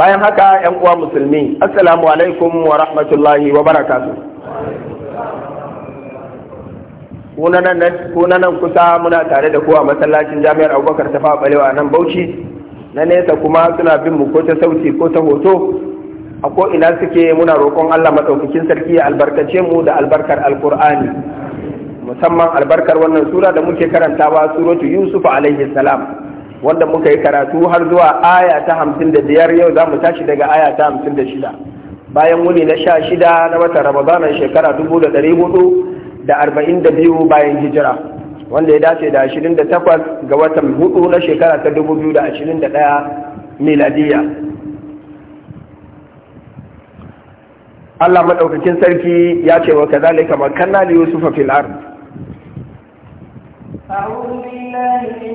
bayan haka yan uwa musulmi assalamu alaikum wa rahmatullahi wa barakatu nan kusa muna tare da kowa masallacin jami'ar abubakar ta fa balewa nan bauchi na nesa kuma suna bin mu ko ta sauti ko ta hoto a ko ina suke muna roƙon Allah maɗaukakin sarki ya albarkace mu da albarkar alkur'ani musamman albarkar wannan sura da muke karantawa suratu yusuf alaihi wanda muka yi karatu har zuwa aya ta hamsin da biyar yau za mu tashi daga aya ta hamsin da shida bayan wuni na sha shida na watan ramadanar shekara dubu da ɗari hudu da arba'in da biyu bayan hijira wanda ya dace da ashirin da takwas ga watan hudu na shekara ta dubu biyu da ashirin da ɗaya miladiya Allah maɗaukakin sarki ya ce wa kazalika makanna li yusufa fil ard أعوذ بالله من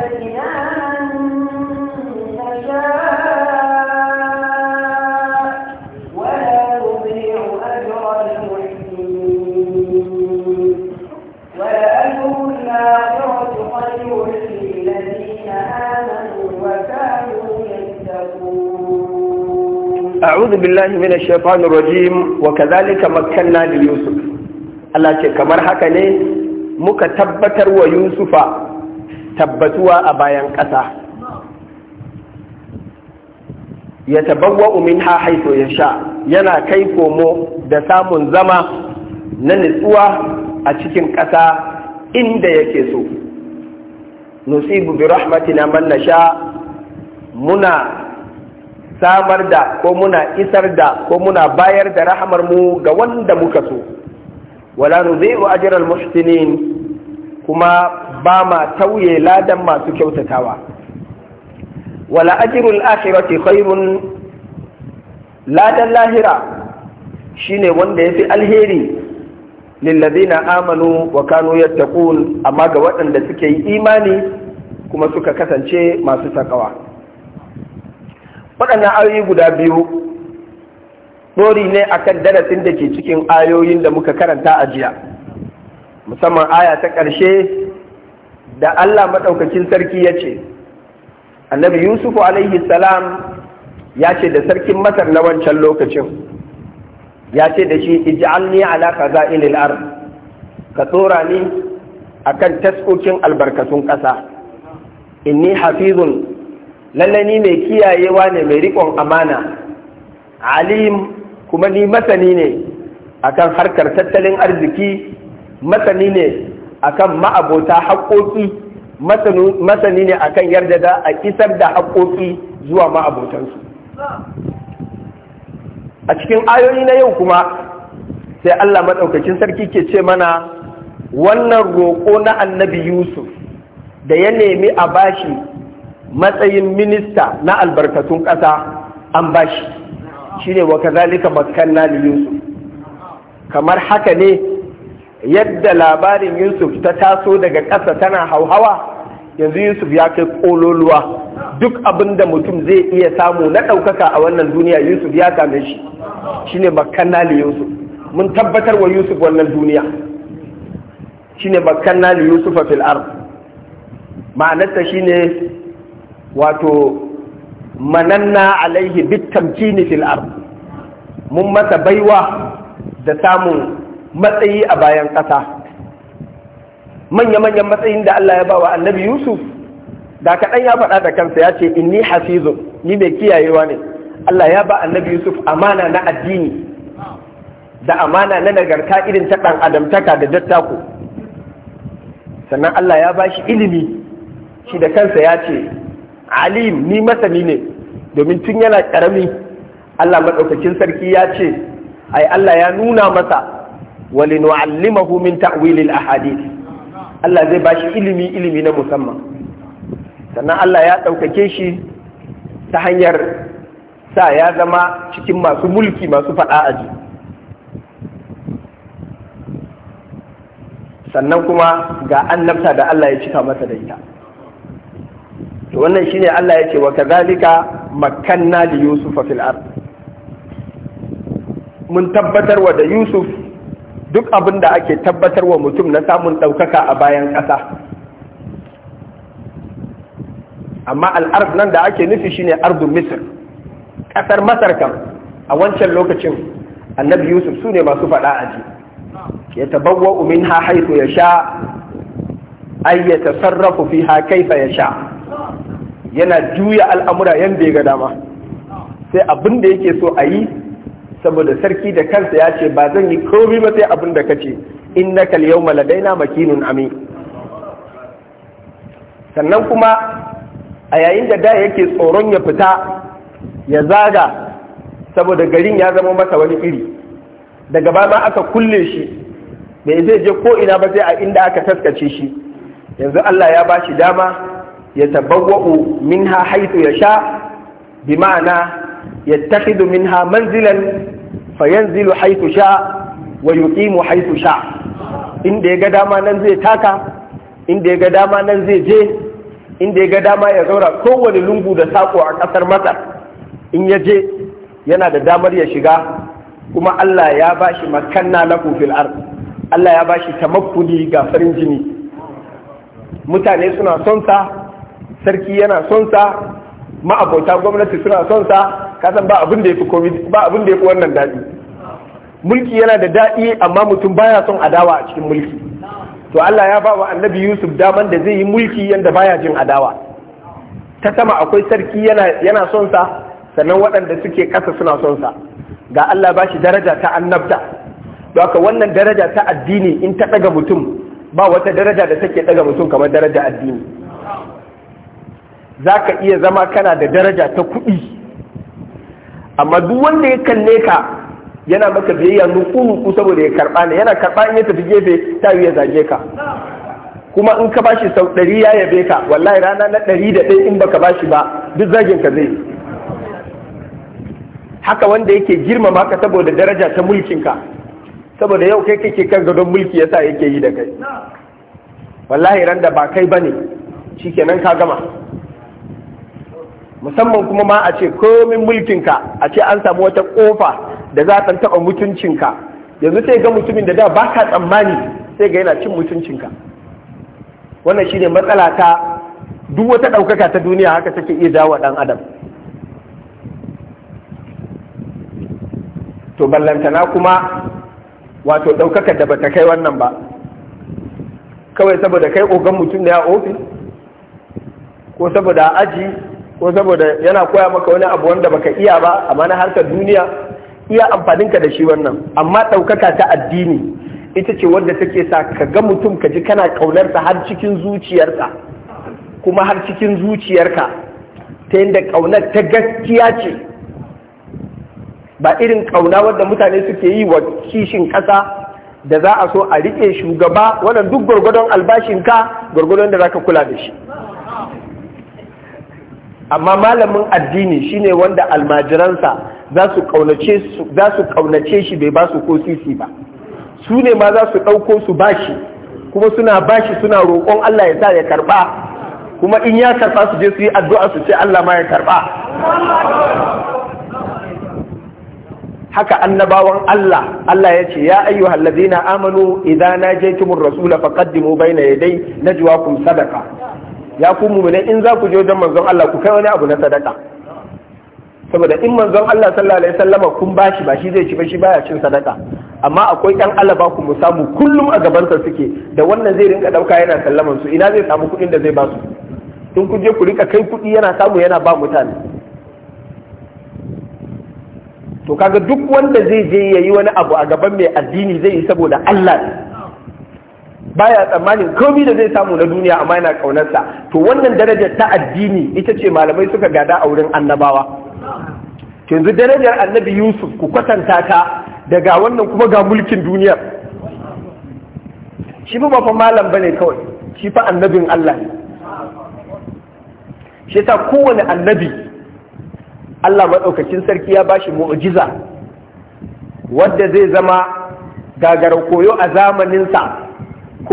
a'udhu billahi minash shaitanir rajim wa kadhalika makkanna yusuf ce kamar haka ne muka tabbatar wa yusufa tabbatuwa a bayan ƙasa ya tabawwa minha haitho ya sha yana kai komo da samun zama na nutsuwa a cikin ƙasa inda yake so nusibu bi rahmatina man nasha muna samar da ko muna isar da ko muna bayar da rahamar mu ga wanda muka so wala nudhi'u ajral muhsinin kuma ba ma tauye ladan masu kyautatawa wala ajrul akhirati khairun ladan lahira shine wanda yafi alheri lillazina amanu wa kanu yattaqun amma ga waɗanda suke yi imani kuma suka kasance masu takawa waɗannan ayoyi guda biyu ɗori ne akan darasin da ke cikin ayoyin da muka karanta a jiya musamman aya ta ƙarshe da Allah maɗaukacin sarki ya ce annabi yusufu alaihi salam ya ce da sarkin masar na wancan lokacin ya ce da shi ij'alni ala khaza'ilil ard ka tsora ni akan taskokin albarkatun ƙasa inni hafizun lallai ni mai kiyayewa ne mai riƙon amana alim kuma ni masani ne akan harkar tattalin arziki masani ne akan ma'abota haƙoƙi masani ne akan yarda da a isar da haƙoƙi zuwa ma'abotansu a cikin ayoyi na yau kuma sai Allah maɗaukacin sarki ke ce mana wannan roƙo na annabi Yusuf da ya nemi a bashi matsayin minista na albarkatun ƙasa an bashi ne wa kazalika makanna li yusuf kamar haka ne yadda labarin yusuf ta taso daga ƙasa tana hauhawa yanzu yusuf ya kai ƙololuwa duk abin da mutum zai iya samu na ɗaukaka a wannan duniya yusuf ya same shi Shi ne makanna li yusuf mun tabbatar wa yusuf wannan duniya Shi ne makanna li yusuf fil Ma'anarsa ma'anarta ne. wato mananna alaihi bitamcini fil ard mun masa baiwa da samun matsayi a bayan ƙasa manya-manyan matsayin da Allah ya ba wa annabi Yusuf da kaɗan ya faɗa da kansa ya ce inni hafizun ni mai kiyayewa ne Allah ya ba annabi Yusuf amana na addini da amana na nagarta irin ta ɗan adamtaka da dattako sannan Allah ya ba shi ilimi shi da kansa ya ce alim ni masani ne domin tun yana karami Allah maɗaukakin sarki ya ce ai Allah ya nuna masa walinu'allimahu min ta'wilil ahadith Allah zai bashi ilimi ilimi na musamman sannan Allah ya ɗaukake shi ta hanyar sa ya zama cikin masu mulki masu faɗa ji sannan kuma ga annabta da Allah ya cika masa da ita to wannan shine Allah ya ce wa kadhalika makanna li yusuf fil ard mun tabbatar wa da yusuf duk abin da ake tabbatar wa mutum na samun ɗaukaka a bayan kasa. amma al'ard nan da ake nufi shine ardu misir ƙasar masar kam a wancan lokacin annabi yusuf su ne masu faɗa a ji ya tabawwa umin ha haifu ya sha ayyata ya fi ha kaifa ya sha yana juya al'amura yadda ya ga dama sai abin da yake so a yi saboda sarki da kansa ya ce ba zan yi komai ba sai abin da kace innaka al-yawma ladaina makinun ami sannan kuma a yayin da da yake tsoron ya fita ya zaga saboda garin ya zama masa wani iri daga ba ma aka kulle shi bai zai je ko ina ba sai a inda aka taskace shi yanzu Allah ya ba shi dama yatabawwa'u minha haythu yasha bima'ana yattakhidhu minha manzilan fayanzilu haythu sha wa yuqimu haythu sha inda ya ga dama nan zai taka inda ya ga dama nan zai je inda ya ga dama ya zaura kowane lungu da sako a ƙasar Masar in ya je yana da damar ya shiga kuma Allah ya bashi makanna na kufin ard Allah ya bashi tamakkuli ga farin jini mutane suna son sa sarki yana son sa ma'abota gwamnati suna son sa ka san ba abin da yafi covid ba abin da yafi wannan dadi mulki yana da daɗi amma mutum baya son adawa a cikin mulki to Allah ya ba wa annabi Yusuf daman da zai yi mulki yanda baya jin adawa ta sama akwai sarki yana yana son sa sannan waɗanda suke ƙasa suna son sa ga Allah ba shi daraja ta annabta don haka wannan daraja ta addini in ta ɗaga mutum ba wata daraja da take ɗaga mutum kamar daraja addini za ka iya zama kana da daraja ta kuɗi amma duk wanda ya kalle ka yana maka biyayya nuku-nuku saboda ya karɓa ne yana karɓa in ya tafi gefe ta yi ya zage ka kuma in ka bashi sau ɗari ya yabe ka wallahi rana na ɗari da ɗaya in baka bashi ba duk zagin ka zai haka wanda yake girmama ka saboda daraja ta ka, saboda yau kai kake kan gadon mulki yasa yake yi da kai wallahi ran da ba kai bane shikenan ka gama musamman kuma ma a ce komin mulkinka a ce an samu wata kofa da za ta taɓa mutuncinka yanzu sai ga mutumin da da baka tsammani sai ga yana cin mutuncinka wannan shine matsala ta duk wata ɗaukaka ta duniya haka take iya jawo ɗan adam to ballantana kuma wato daukaka da bata kai wannan ba kawai saboda kai ogan mutum da ya ofis ko saboda aji ko saboda yana koya maka wani abu wanda baka iya ba amma na harkar duniya iya amfanin ka da shi wannan amma ɗaukaka ta addini ita ce wanda take sa ka ga mutum ka ji kana ƙaunarsa har cikin zuciyarka. kuma har cikin zuciyarka ta yadda ƙaunar ta gaskiya ce ba irin kauna wanda mutane suke yi wa kishin ƙasa da za a so a riƙe shugaba wannan duk gwargwadon albashinka gwargwadon da za ka kula da shi amma malamin addini shine wanda almajiransa za su kaunace shi bai ba su ko sisi ba su ne ma za su ɗauko su bashi kuma suna bashi suna roƙon Allah ya sa ya karɓa kuma in ya karɓa su je su yi addu'a su ce Allah ma ya karɓa haka annabawan Allah Allah ya ce ya ayyuhal ladina amanu idza najaytumur rasula faqaddimu bayna jiwa kun sadaka. ya ku mu in za ku je wajen manzon Allah ku kai wani abu na sadaka saboda in manzon Allah sallallahu alaihi wasallama kun bashi ba shi zai ci ba shi baya cin sadaka amma akwai ɗan alaba ku mu samu kullum a gabansa suke da wannan zai rinka ɗauka yana sallaman su ina zai samu kuɗin da zai ba su in ku je ku rika kai kuɗi yana samu yana ba mutane to kaga duk wanda zai je yayi wani abu a gaban mai addini zai yi saboda Allah baya tsammanin komi da zai samu na duniya amma yana kaunarsa to wannan darajar ta addini ita ce malamai suka gada a wurin annabawa yanzu darajar annabi yusuf ku kwatanta ta daga wannan kuma ga mulkin duniyar shi fa ba fa malam bane kawai shi fa annabin Allah ne shi yasa kowane annabi Allah maɗaukacin sarki ya bashi mu'jiza wadda zai zama gagara koyo a zamaninsa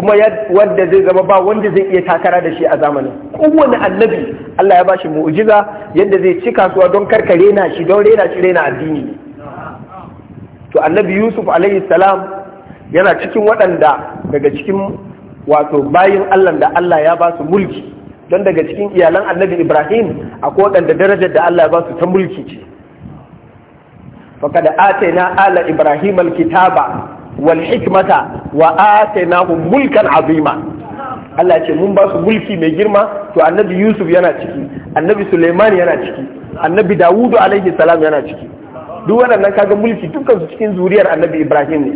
kuma wanda zai zama ba wanda zai iya takara da shi a zamanin kowane annabi Allah ya bashi mu'jiza yadda zai ci kasuwa don karka rena shi don rena shi rena addini ne to annabi Yusuf alaihi salam yana cikin waɗanda daga cikin wato bayin Allah da Allah ya ba su mulki don daga cikin iyalan annabi Ibrahim akwai waɗanda darajar da Allah ya ba su ta mulki ce faqad atayna ala ibrahim alkitaba wal hikmata wa atainahu mulkan azima Allah ce mun ba su mulki mai girma to annabi Yusuf yana ciki annabi Suleiman yana ciki annabi Dawudu alaihi salam yana ciki duk waɗannan kaga mulki dukkan su cikin zuriyar annabi Ibrahim ne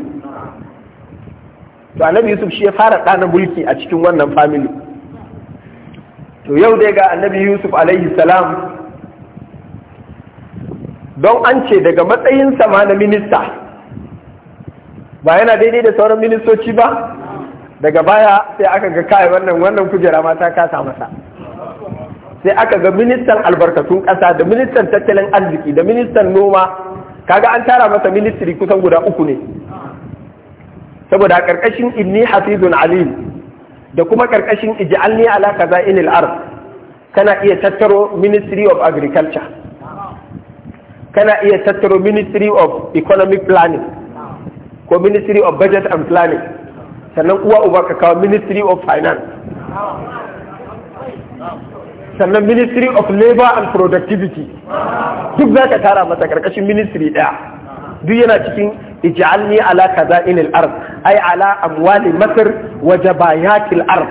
to annabi Yusuf shi ya fara ɗana mulki a cikin wannan family to yau dai ga annabi Yusuf alaihi salam don an ce daga matsayin sama na minista ba yana daidai da sauran ministoci ba daga baya sai aka ga kai wannan wannan kujera ma ta kasa masa sai aka ga ministan albarkatun ƙasa da ministan tattalin arziki da ministan noma kaga an tara masa ministry kusan guda uku ne saboda ƙarƙashin inni hafizun alim da kuma karkashin ij'alni ala kaza'inil ard kana iya tattaro ministry of agriculture kana iya tattaro ministry of economic planning ko ministry of budget and planning sannan uwa uba ka kawo ministry of finance sannan ministry of labor and productivity duk za ka tara masa karkashin ministry daya duk yana cikin ij'alni ala kaza'inil ard ay ala amwali masar wa jabayatil ard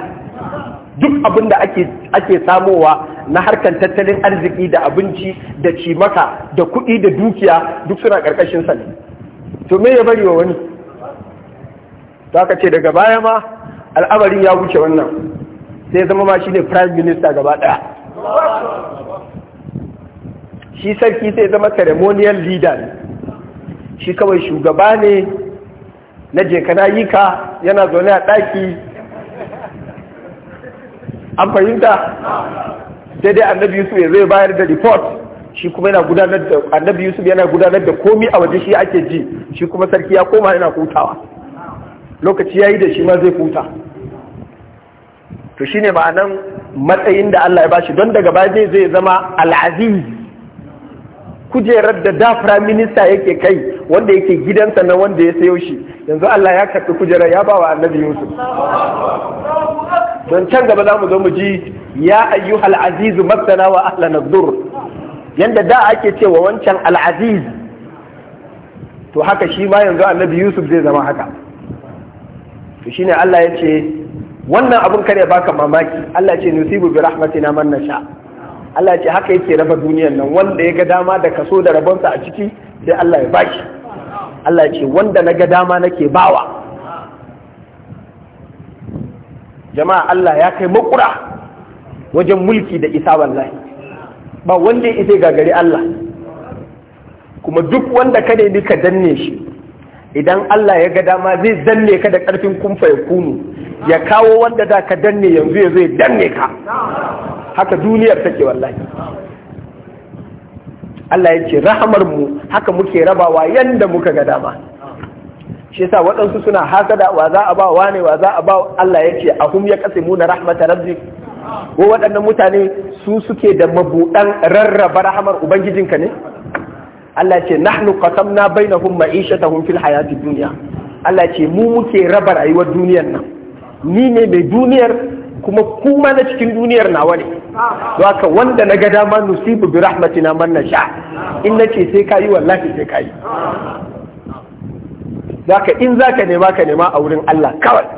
duk abin da ake samowa na harkar tattalin arziki da abinci da cimaka da kuɗi da dukiya duk suna karkashin sa ne to me ya bari wa wani to aka ce daga baya ma al'amarin ya wuce wannan sai zama ma shine prime minister gaba daya shi sarki sai zama ceremonial leader ne shi kawai shugaba ne na jekana yi ka yana zaune a daki an fahimta daidai annabi yusuf ya zai bayar da report shi kuma yana gudanar da annabi yusuf yana gudanar da komi a waje shi ake ji shi kuma sarki ya koma yana hutawa lokaci ya yi da shi ma zai huta to shine ma'anan matsayin da Allah ya bashi don daga baya zai zama al'aziz kujerar da da firaminista yake kai wanda yake gidansa na wanda ya sayo shi yanzu Allah ya karɓi kujerar ya bawa annabi Yusuf don can gaba za mu zo mu ji ya ayyu aziz masana wa ahlan ad yanda da ake cewa wancan al'aziz to haka shi ma yanzu annabi Yusuf zai zama haka to shine Allah ya ce wannan abun kare baka mamaki Allah ya ce nusibu bi rahmatina man nasha Allah ya ce haka yake raba duniyar nan wanda ya ga dama da kaso da rabonsa a ciki sai Allah ya baki Allah ya ce wanda na ga dama nake bawa jama'a Allah ya kai makura wajen mulki da isa wallahi ba wanda ya isa gagari Allah kuma duk wanda ka ne ka danne shi idan Allah ya ga dama zai danne ka da ƙarfin kumfa ya kunu ya kawo wanda za ka danne yanzu ya zai danne ka haka duniyar take wallahi Allah ya ce rahamar mu haka muke rabawa yanda muka ga dama shi yasa waɗansu suna hasada wa za a ba wa ne wa za a ba Allah ya ce a hum ya kasimu na rahmatar rabbi ko waɗannan mutane su suke da mabuɗan rarraba rahamar ubangijinka ne Allah ce nahnu qasamna bainahum ma'ishatahum fil hayati duniya. Allah ce mu muke raba rayuwar duniyar nan ni ne mai duniyar kuma kuma na cikin duniyar nawa ne don haka wanda na ga dama nusibu bi rahmatina man nasha in nace sai kai wallahi sai kai zaka in zaka nema ka nema a wurin Allah kawai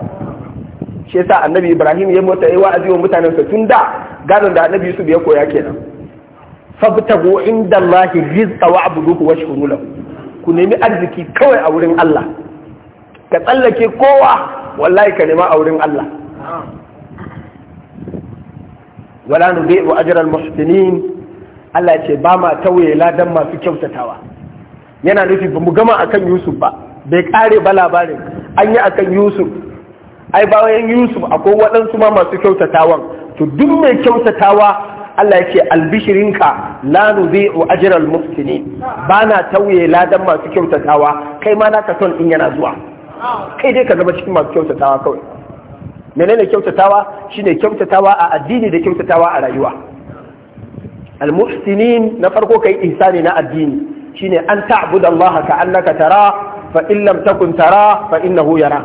shi annabi Ibrahim ya mota yi wa'azi wa mutanen sa tun da gadon da annabi Yusuf ya koya kenan fabtagu inda Allahi rizqa wa abuduhu wa shukuru lahu ku nemi arziki kawai a wurin Allah ka tsallake kowa wallahi ka nema a wurin Allah wala nudai'u ajral muhsinin Allah ce ba ma tauye ladan masu kyautatawa yana nufi ba mu gama akan Yusuf ba bai kare ba labarin an yi akan Yusuf ai bayan Yusuf akwai waɗansu ma masu kyautatawan to duk mai kyautatawa Allah ya ce albishirinka la nudhi'u ajral ba bana tauye ladan masu kyautatawa kai ma naka son in yana zuwa kai dai ka zama cikin masu kyautatawa kawai menene kyautatawa shine kyautatawa a addini da kyautatawa a rayuwa almuhsinin na farko kai ihsani na addini shine an ta'budu Allah ka annaka tara fa in lam takun tara fa innahu yara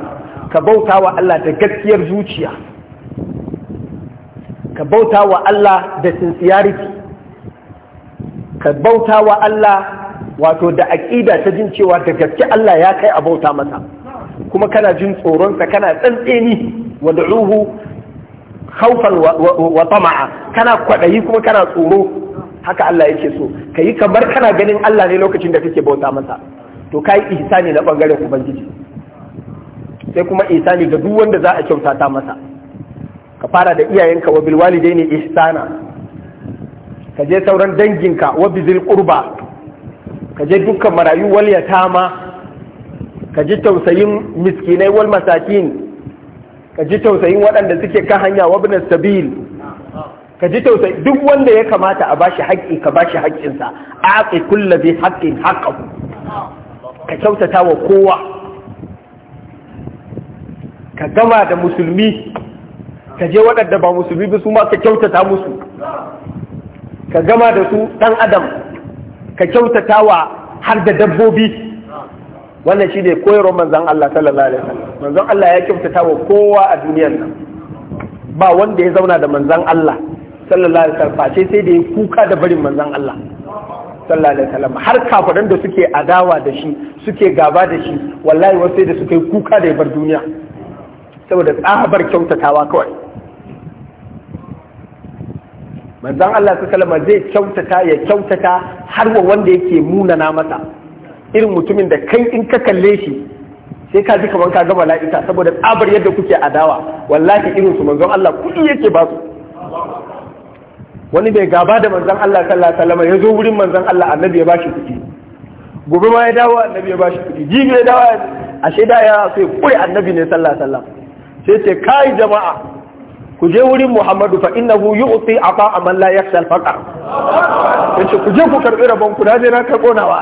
ka bautawa Allah da gaskiyar zuciya ka bauta wa Allah da sincerity ka bauta wa Allah wato da aƙida ta jin cewa da gaske Allah ya kai a bauta masa kuma kana jin tsoronsa kana tsantseni wa da'uhu khawfan wa tama'a kana kwaɗayi kuma kana tsoro haka Allah yake so kayi kamar kana ganin Allah ne lokacin da kake bauta masa to kai ihsani na bangaren ubangiji sai kuma ihsani ga duk wanda za a kyautata masa ka fara da iyayenka wa bilwalidai ne ihsana ka je sauran danginka wa bizil kurba. ka je dukkan marayu wal yatama ka ji tausayin miskinai wal masakin ka ji tausayin waɗanda suke kan hanya wa bin sabil ka ji tausayi duk wanda ya kamata a bashi haƙƙi ka bashi haƙƙinsa aqi kullu bi haƙƙin haqqahu ka kyautata wa kowa ka gama da musulmi ka je waɗanda ba musulmi ba su ma ka kyautata musu ka gama da su ɗan adam ka kyautata wa har da dabbobi wannan shi ne koyarwar manzan Allah sallallahu alaihi wasallam manzan Allah ya kyautata wa kowa a duniyar nan ba wanda ya zauna da manzan Allah sallallahu alaihi wasallam face sai da ya kuka da barin manzan Allah sallallahu alaihi wasallam har kafiran da suke adawa da shi suke gaba da shi wallahi wasu sai da suke kuka da ya bar duniya saboda tsahabar kyautatawa kawai Manzan Allah sallama zai kyautata ya kyautata har wa wanda yake munana masa irin mutumin da kai in ka kalle shi sai ka ji kamar ka gama la'ita saboda tsabar yadda kuke adawa wallahi irin su manzon Allah kuɗi yake ba su wani bai gaba da manzon Allah sallallahu alaihi wasallam ya zo wurin manzon Allah annabi ya bashi kuɗi gobe ma ya dawo annabi ya bashi kuɗi jibi ya dawo ashe da ya sai kai annabi ne sallallahu alaihi wasallam sai ce kai jama'a ku je wurin Muhammadu fa innahu yu'ti ata aman la yakhsha al-faqr yace ku je ku karbi rabon ku je na karbo nawa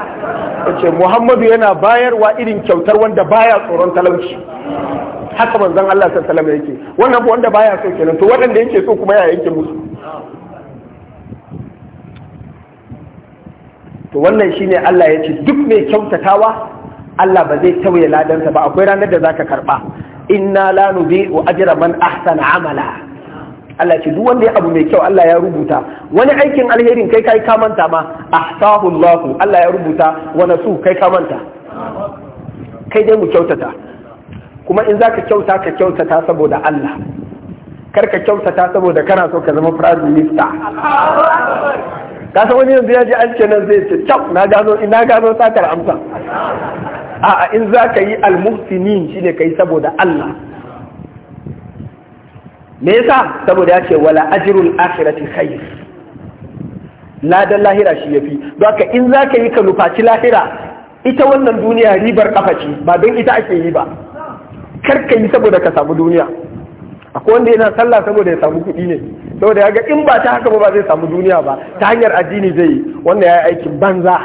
yace Muhammadu yana bayarwa irin kyautar wanda baya tsoron talauci haka manzon Allah sallallahu alaihi wasallam yake wannan ku wanda baya so kenan to waɗanda yake so kuma ya yake musu to wannan shine Allah ya duk mai kyautatawa Allah ba zai tauye ladansa ba akwai ranar da zaka karba inna la nudhi'u ajra man ahsana amala Allah ce duk wanda ya abu mai kyau Allah ya rubuta wani aikin alherin kai kai ka manta ma ahsahu Allah Allah ya rubuta wa su kai ka manta kai dai mu kyautata kuma in zaka kyauta ka kyautata saboda Allah kar ka kyautata saboda kana so ka zama prime minister ka san wani yanzu ya ji an ce nan zai ce cap na gano ina gano satar amsa a'a in zaka yi almuhsinin shine kai saboda Allah me yasa saboda ya ce wala ajrul akhirati khair ladan lahira shi yafi don haka in za ka yi ka nufaci lahira ita wannan duniya ribar kafa ce ba don ita ake yi ba kar ka yi saboda ka samu duniya akwai wanda yana sallah saboda ya samu kuɗi ne saboda ya ga in ba ta haka ba ba zai samu duniya ba ta hanyar addini zai yi wanda ya yi aikin banza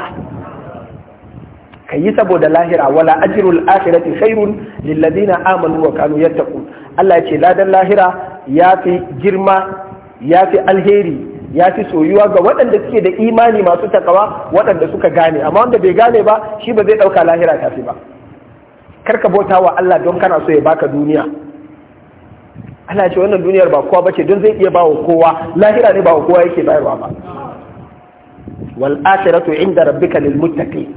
ka yi saboda lahira wala ajrul akhirati khairun lil ladina amanu wa kanu yattaqun Allah ya ce ladan lahira ya fi girma ya fi alheri ya fi soyuwa ga waɗanda suke da imani masu takawa waɗanda suka gane amma wanda bai gane ba shi ba zai ɗauka lahira ta fi ba karka bauta wa Allah don kana so ya baka duniya Allah ce wannan duniyar ba kowa bace don zai iya ba wa kowa lahira ne ba wa kowa yake bayarwa ba wal akhiratu inda rabbika lil muttaqin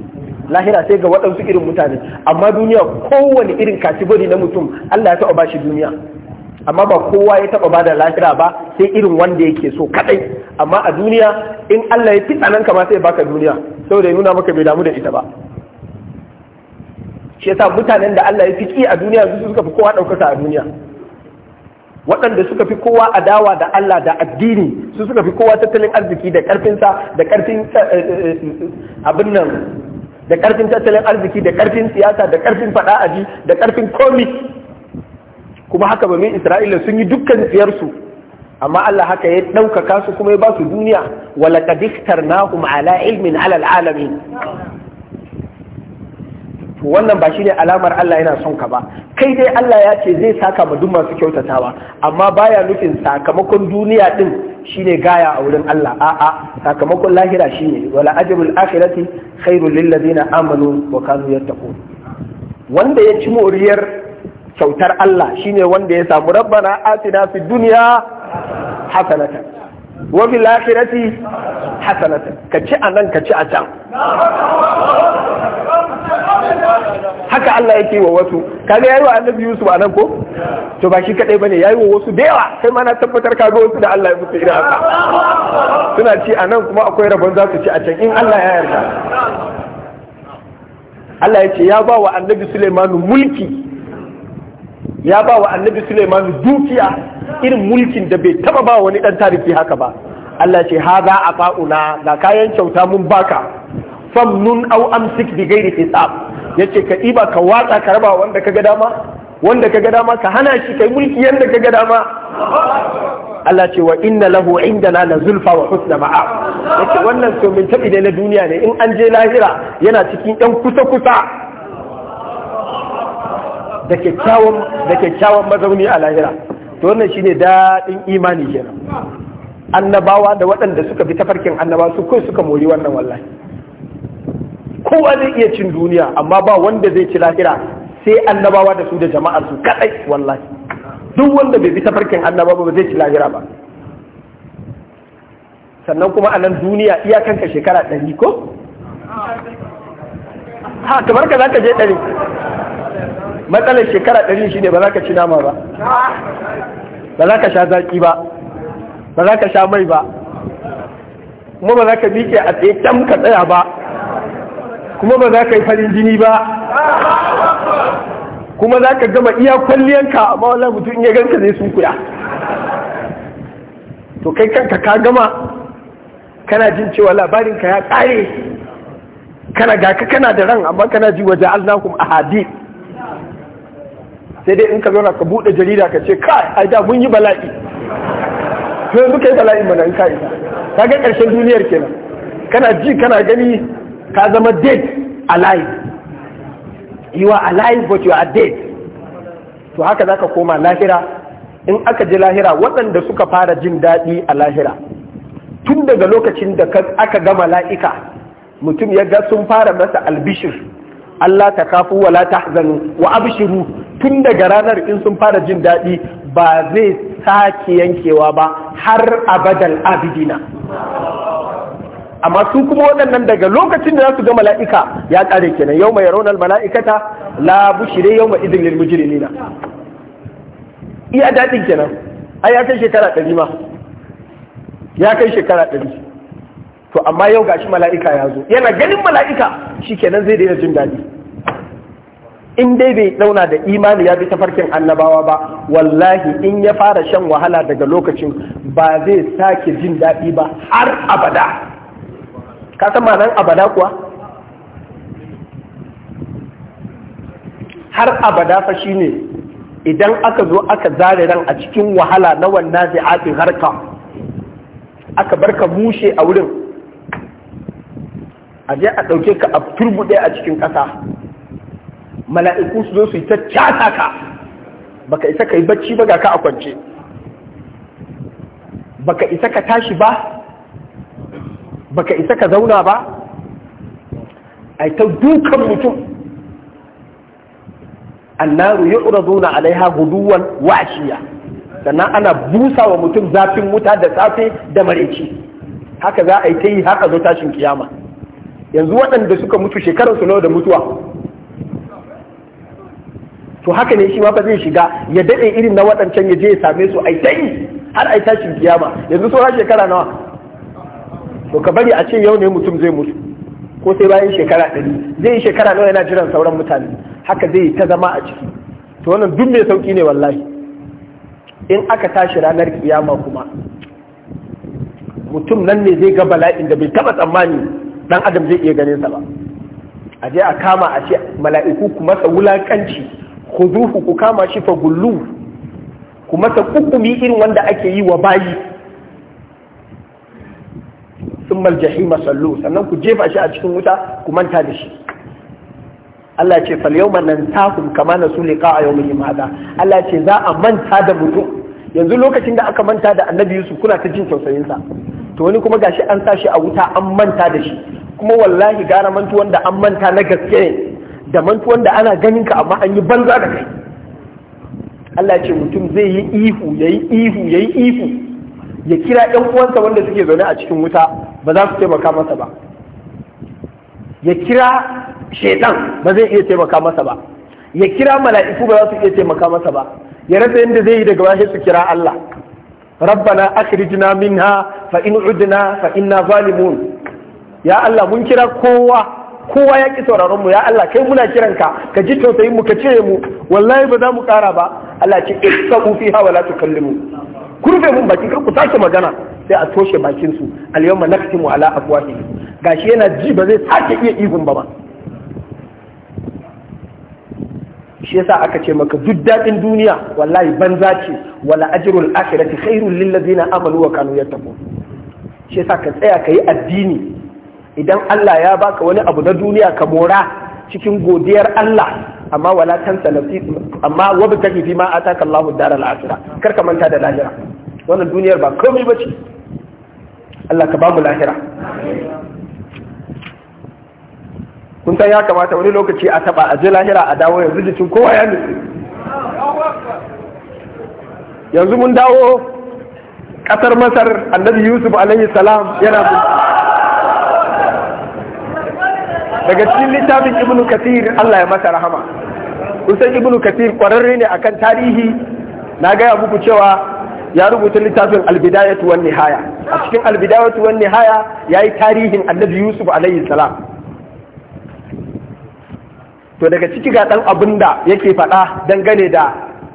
lahira sai ga waɗansu irin mutane amma duniya kowane irin kategori na mutum Allah ya taɓa bashi duniya amma ba kowa ya taba bada lahira ba sai irin wanda yake so kadai amma a duniya in Allah ya fitsa nan kama sai baka duniya saboda ya nuna maka bai damu da ita ba shi yasa mutanen da Allah ya fitsi a duniya su suka fi kowa daukaka a duniya waɗanda suka fi kowa adawa da Allah da addini su suka fi kowa tattalin arziki da ƙarfinsa da ƙarfin eh, eh, eh, abin nan da ƙarfin tattalin arziki da ƙarfin siyasa da ƙarfin faɗa'aji da ƙarfin komi kuma haka ba mai isra'ila sun yi dukkan tsiyarsu amma Allah haka ya ɗaukaka su kuma ya ba su duniya wala kadiktar kuma ala ilmin alal alami wannan ba shine alamar Allah yana son ka ba kai dai Allah ya ce zai saka ma duk masu kyautatawa amma baya nufin sakamakon duniya din shine gaya a wurin Allah a'a sakamakon lahira shine wala ajrul akhirati khairul lil ladina amanu wa kanu yattaqun wanda ya ci moriyar kyautar Allah shine wanda ya samu rabbana atina fid dunya hasanatan wa fil akhirati hasanatan ka ci anan ka ci a can haka Allah yake wa wasu kaga yayi wa annabi Yusuf anan ko to ba shi kadai bane yayi wa wasu da yawa sai ma na tabbatar kaga wasu da Allah ya mutu irin haka suna ci a nan kuma akwai rabon za su ci a can in Allah ya yarda Allah ya ce ya ba wa annabi Sulaiman mulki ya ba wa annabi Suleiman dukiya irin mulkin da bai taba ba wani dan tarihi haka ba Allah ce ha za a fa'una ga kayan kyauta mun baka famnun au amsik bi ghairi hisab yace ka ɗiba ka watsa ka raba wanda kaga dama wanda kaga dama ka hana shi kai mulki yanda kaga dama Allah ce wa inna lahu indana la zulfa wa husna ma'a yace wannan so min tabi ne na duniya ne in an je lahira yana cikin ɗan kusa kusa da kyakkyawan mazauni a lahira to wannan shine daɗin imani kenan annabawa da waɗanda suka bi tafarkin annabawa su kai suka mori wannan wallahi kowa zai iya cin duniya amma ba wanda zai ci lahira sai annabawa da su da jama'ar su kadai wallahi duk wanda bai bi tafarkin annabawa ba zai ci lahira ba sannan kuma a nan duniya iyakanka shekara ɗari ko? ha kamar ka za ka je ɗari matsalar shekara ɗari shi ne ba za ka ci nama ba ba za ka sha zaƙi ba ba za ka sha mai ba kuma ba za ka miƙe a tsaye can ka tsaya ba kuma ba za ka yi farin jini ba kuma za ka gama iya kwalliyanka amma wala mutum in ya ganka zai sunkuya to kai kanka ka gama kana jin cewa labarinka ya ƙare kana ga ka kana da ran amma kana ji waje a ahadith sai dai in ka zauna ka buɗe jarida ka ce kai ai da mun yi bala'i to yanzu kai bala'i mana in ka ka ga ƙarshen duniyar kenan kana ji kana gani ka zama dead alive you are alive but you are dead to haka zaka koma lahira in aka ji lahira waɗanda suka fara jin daɗi a lahira tun daga lokacin da aka ga mala'ika mutum ya ga sun fara masa albishir Allah ta kafu wa la tahzanu wa abshiru tun daga ranar in sun fara jin daɗi ba zai sake yankewa ba har abadal abidina amma su kuma waɗannan daga lokacin da za su ga mala'ika ya ƙare kenan yau mai raunar mala'ikata la bushire yau mai idin lilmujirina iya daɗin kenan ai ya kai shekara ɗari ma ya kai shekara ɗari to amma yau gashi mala'ika ya zo yana ganin mala'ika shi kenan zai daina jin daɗi in dai bai dauna da imani ya bi ta farkin annabawa ba wallahi in ya fara shan wahala daga lokacin ba zai sake jin daɗi ba har abada ka san ma'anar abada kuwa har abada fa shi ne idan aka zo aka zare ran a cikin wahala na wannan zai harka aka barka mushe a wurin a je a ɗauke ka a turbuɗe a cikin ƙasa mala'iku su zo su yi ta cata ka baka isa ka yi bacci ba ga ka a kwance baka isa ka tashi ba baka isa ka zauna ba ai ta dukan mutum annaru yu'raduna alaiha guduwan washiya sannan ana busa wa mutum zafin wuta da safe da mareci haka za a yi ta yi haka zo tashin kiyama yanzu waɗanda suka mutu shekararsu nawa da mutuwa to haka ne shi ma zai shiga ya daɗe irin na waɗancan ya je ya same su ai tayi har ai tashin kiyama yanzu sauran shekara nawa to ka bari a ce yau ne mutum zai mutu ko sai bayan shekara ɗari zai yi shekara nawa yana jiran sauran mutane haka zai ta zama a ciki to wannan duk mai sauki ne wallahi in aka tashi ranar kiyama kuma mutum nan ne zai ga bala'in da bai taɓa tsammani dan adam zai iya ganin sa ba a je a kama a ce mala'iku ku masa wulakanci khuduhu ku kama shi fa gullu ku masa kukumi irin wanda ake yi wa bayi Sun aljahima sallu sannan ku jefa shi a cikin wuta ku manta da shi Allah ce fal yawma nantakum kama nasu a yawmi hada Allah ce za a manta da mutum yanzu lokacin da aka manta da annabi Yusuf kuna ta jin tausayin sa to wani kuma gashi an sa shi a wuta an manta da shi kuma wallahi gara mantuwan da an manta na gaske ne da mantuwan da ana ganin ka amma an yi banza da kai Allah ce mutum zai yi ihu ya yi ihu ya yi ihu ya kira ɗan uwansa wanda suke zaune a cikin wuta ba za su taimaka masa ba ya kira shaidan ba zai iya taimaka masa ba ya kira mala'iku ba za su iya taimaka masa ba ya rasa yadda zai yi daga bashi su kira Allah rabbana akhrijna minha fa in udna fa inna zalimun ya Allah mun kira kowa ya ki sauraron mu ya Allah kai muna kiran ka ka ji tausayin mu ka cire mu wallahi ba za mu kara ba Allah ce isabu fiha wala tukallimu ku rufe mun baki kar ku sake magana sai a toshe bakin su al yawma naktimu ala afwahihim gashi yana ji ba zai sake iya ihun ba ba shi yasa aka ce maka duk daɗin duniya wallahi banza ce wala ajrul akhirati khairul lil ladina amanu wa kanu yattaqun shi yasa ka tsaya ka yi addini idan Allah ya baka wani abu na duniya ka mora cikin godiyar Allah amma wala tansa nafsi amma wabtaki fi ma ataka Allahu daral akhirah kar ka manta da lahira wannan duniyar ba komai bace Allah ka ba mu lahira kun san ya kamata wani lokaci a taba a je lahira a dawo yanzu jikin kowa ya nutsu yanzu mun dawo kasar masar annabi yusuf alayhi salam yana daga cikin littafin ibnu kathir Allah ya masa rahama kusan ibnu kathir kwararre ne akan tarihi na gaya muku cewa ya rubuta littafin albidayatu wan nihaya a cikin albidayatu wan nihaya yayi tarihin annabi yusuf alayhi salam to daga ciki ga ɗan abin da yake faɗa dangane da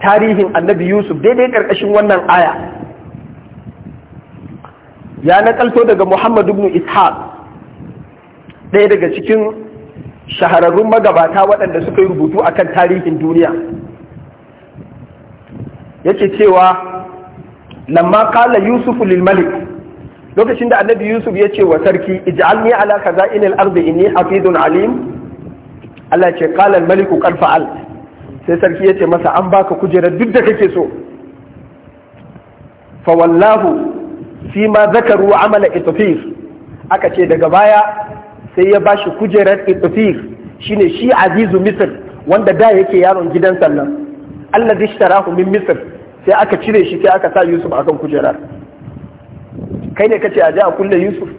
tarihin annabi yusuf daidai ƙarƙashin wannan aya ya nakalto daga muhammad ibn ishaq ɗaya daga cikin shahararrun magabata waɗanda suka yi rubutu akan tarihin duniya yake cewa lamma kala yusuf lil malik lokacin da annabi yusuf ya ce wa sarki ij'alni ala khaza'in al-ardi inni hafizun alim Allah ce qalan maliku kan fa'al sai sarki ya ce masa an baka kujerar duk da kake so fa wallahu fi ma zakaru amala itfir aka ce daga baya sai ya bashi kujerar itfir shine shi azizu misr wanda da yake yaron gidan sannan allazi ishtarahu min misr sai aka cire shi sai aka sa yusuf akan kujerar kai ne kace a ji a kulle yusuf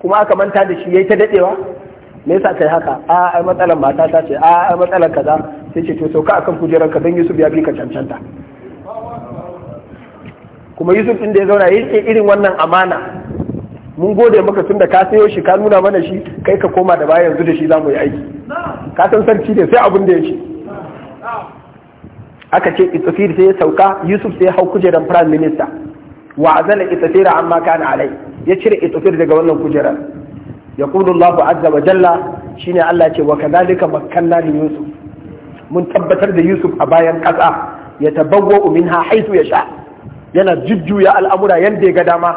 kuma aka manta da shi yayi ta dadewa me yasa yi haka a ai matsalar mata ta ce a ai matsalar kaza sai ce to sauka akan kujerar ka dan Yusuf ya bi ka cancanta kuma Yusuf din da ya zauna yake irin wannan amana mun gode maka tunda ka sayo shi ka nuna mana shi kai ka koma da baya yanzu da shi zamu yi aiki ka san sarki ne sai abun da ya ce aka ce Itsafir sai ya sauka Yusuf sai ya hau kujerar prime minister wa azala Itsafira amma kana alai ya cire Itsafir daga wannan kujerar yaqulu Allahu azza wa jalla shine Allah ce wa kadhalika makkanna li Yusuf mun tabbatar da Yusuf a bayan kasa ya tabawwa minha haythu yasha yana jujjuya al'amura yanda ya ga dama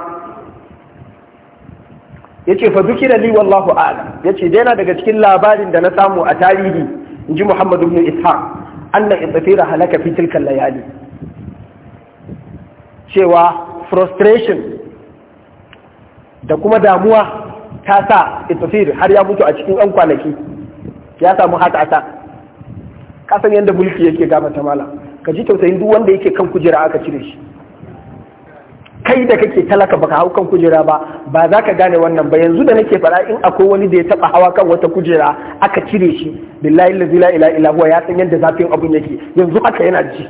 yace fa zukira li wallahu a'lam yace da yana daga cikin labarin da na samu a tarihi in inji Muhammad ibn Ishaq anna ibtira halaka fi tilka layali cewa frustration da kuma damuwa ta sa itafir har ya mutu a cikin ɗan kwanaki ya samu Ka san yadda mulki yake ta mala ka ji tausayin duk wanda yake kan kujera aka cire shi kai da kake talaka baka hau kan kujera ba ba za ka gane wannan ba yanzu da nake fara in akwai wani da ya taba hawa kan wata kujera aka cire shi billahi la ila ila huwa ya san yadda zafin abun yake yanzu haka yana ji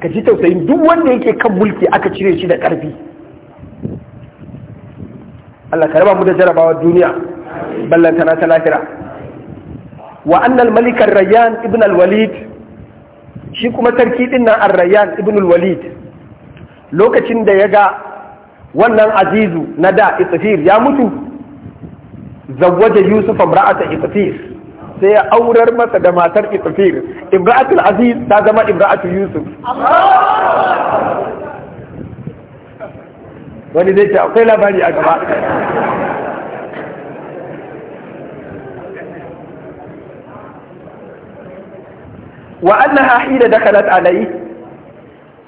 ka ji tausayin duk wanda yake kan mulki aka cire shi da karfi Allah ka raba mu da jarabawar duniya ballantana ta lahira wa annal malikar rayyan ibn al-walid shi kuma sarki din nan ar-rayyan ibn al-walid lokacin da ya ga wannan azizu na da isfir ya mutu zawwaja yusuf imra'ata isfir sai ya aurar masa da matar Isfir. Ibra'atul Aziz ta zama Ibra'atul Yusuf. wani zai ce akwai labari a gaba wa annaha da dakhalat alai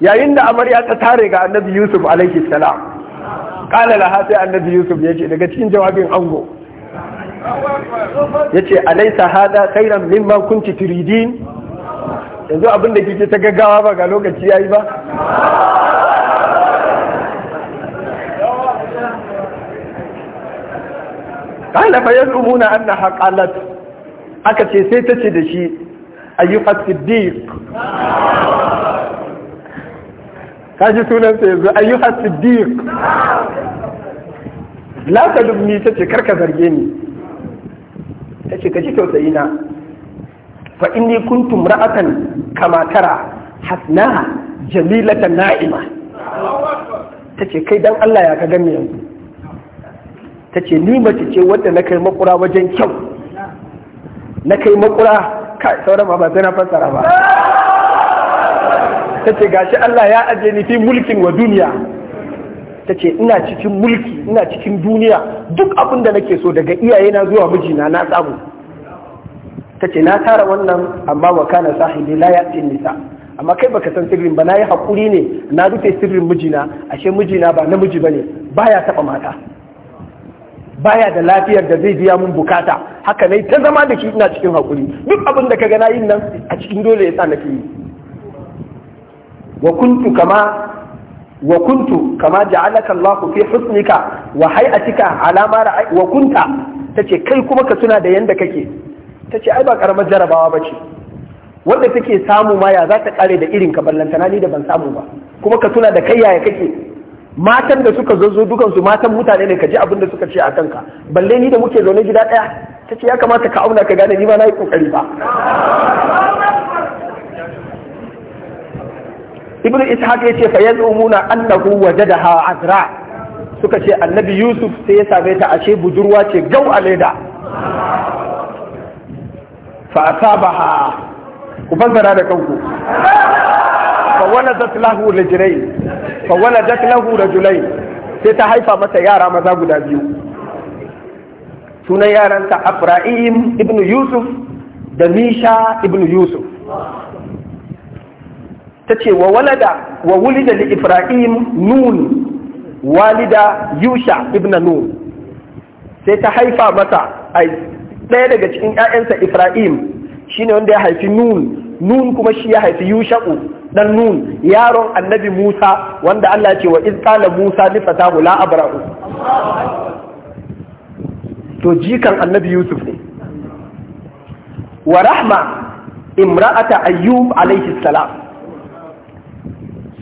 yayin da amarya ta tare ga annabi yusuf alaihi salam qala laha sai annabi yusuf yace daga cikin jawabin ango Ya yace alaysa hada khairan mimman kunci turidin yanzu abinda kike ta gaggawa ba ga lokaci yayi ba qala fa yazumuna annaha haƙalat aka ce sai ta ce da shi ayyuka siddiq ka sunan sa yanzu ayyuka siddiq la dubni ta ce karka zarge ni ta ce ka kaji tausayi na fa kun kuntum ra'atan kama tara hasna jamilatan na'ima ta ce kai dan Allah ya ka gani yanzu ta ce ni mace ce wadda na kai makura wajen kyau na kai makura kai sauran ba sai na fassara ba ta ce gashi Allah ya aje ni fi mulkin wa duniya ta ce ina cikin mulki ina cikin duniya duk abin da nake so daga iyaye na zuwa mijina na samu ta ce na tara wannan amma wa kana sahibi la ya nisa amma kai baka san sirrin ba na yi haƙuri ne na rufe sirrin mijina ashe mijina ba namiji ba ne baya taɓa mata baya da lafiyar da zai biya mun bukata haka nai ta zama da shi ina cikin hakuri, duk abin da ka gana yin nan a cikin dole ya sa na fi wa kuntu kama wa kuntu kama ja'alaka Allah fi husnika wa hay'atika ala ma ra'a wa kunta tace kai kuma ka tuna da yanda kake tace ai ba karamar jarabawa bace wanda take samu ma ya za ta kare da irin ka ballantana ni da ban samu ba kuma ka tuna da kai yaya kake matan da suka zozo dukansu matan mutane ne ka ji abin da suka ce a kanka balle ni da muke zaune gida ɗaya ta ce ya kamata ka auna ka gane ni ba na yi kokari ba ibn ishaq ya ce fa yazumuna annahu wajadaha azra suka ce annabi yusuf sai ya same ta ashe budurwa ce gau a leda fa asabaha ku fassara da kanku فولدت له رجلين فولدت له Julai sai ta haifa masa yara maza guda biyu sunan yaransa Ibrahim ibn Yusuf da Misha ibn Yusuf tace wa walada wa wulida li Ibrahim Nun walida Yusha ibn Nun sai ta haifa masa ai ɗaya daga cikin ‘ya'yansa Ibrahim shine wanda ya haifi Nun Nun kuma shi ya haifi Yusha'u dan nun yaron annabi Musa wanda Allah ce wa iz qala Musa li fatahu la abrahu to jikan annabi Yusuf ne wa rahma imra'ata ayyub alaihi salam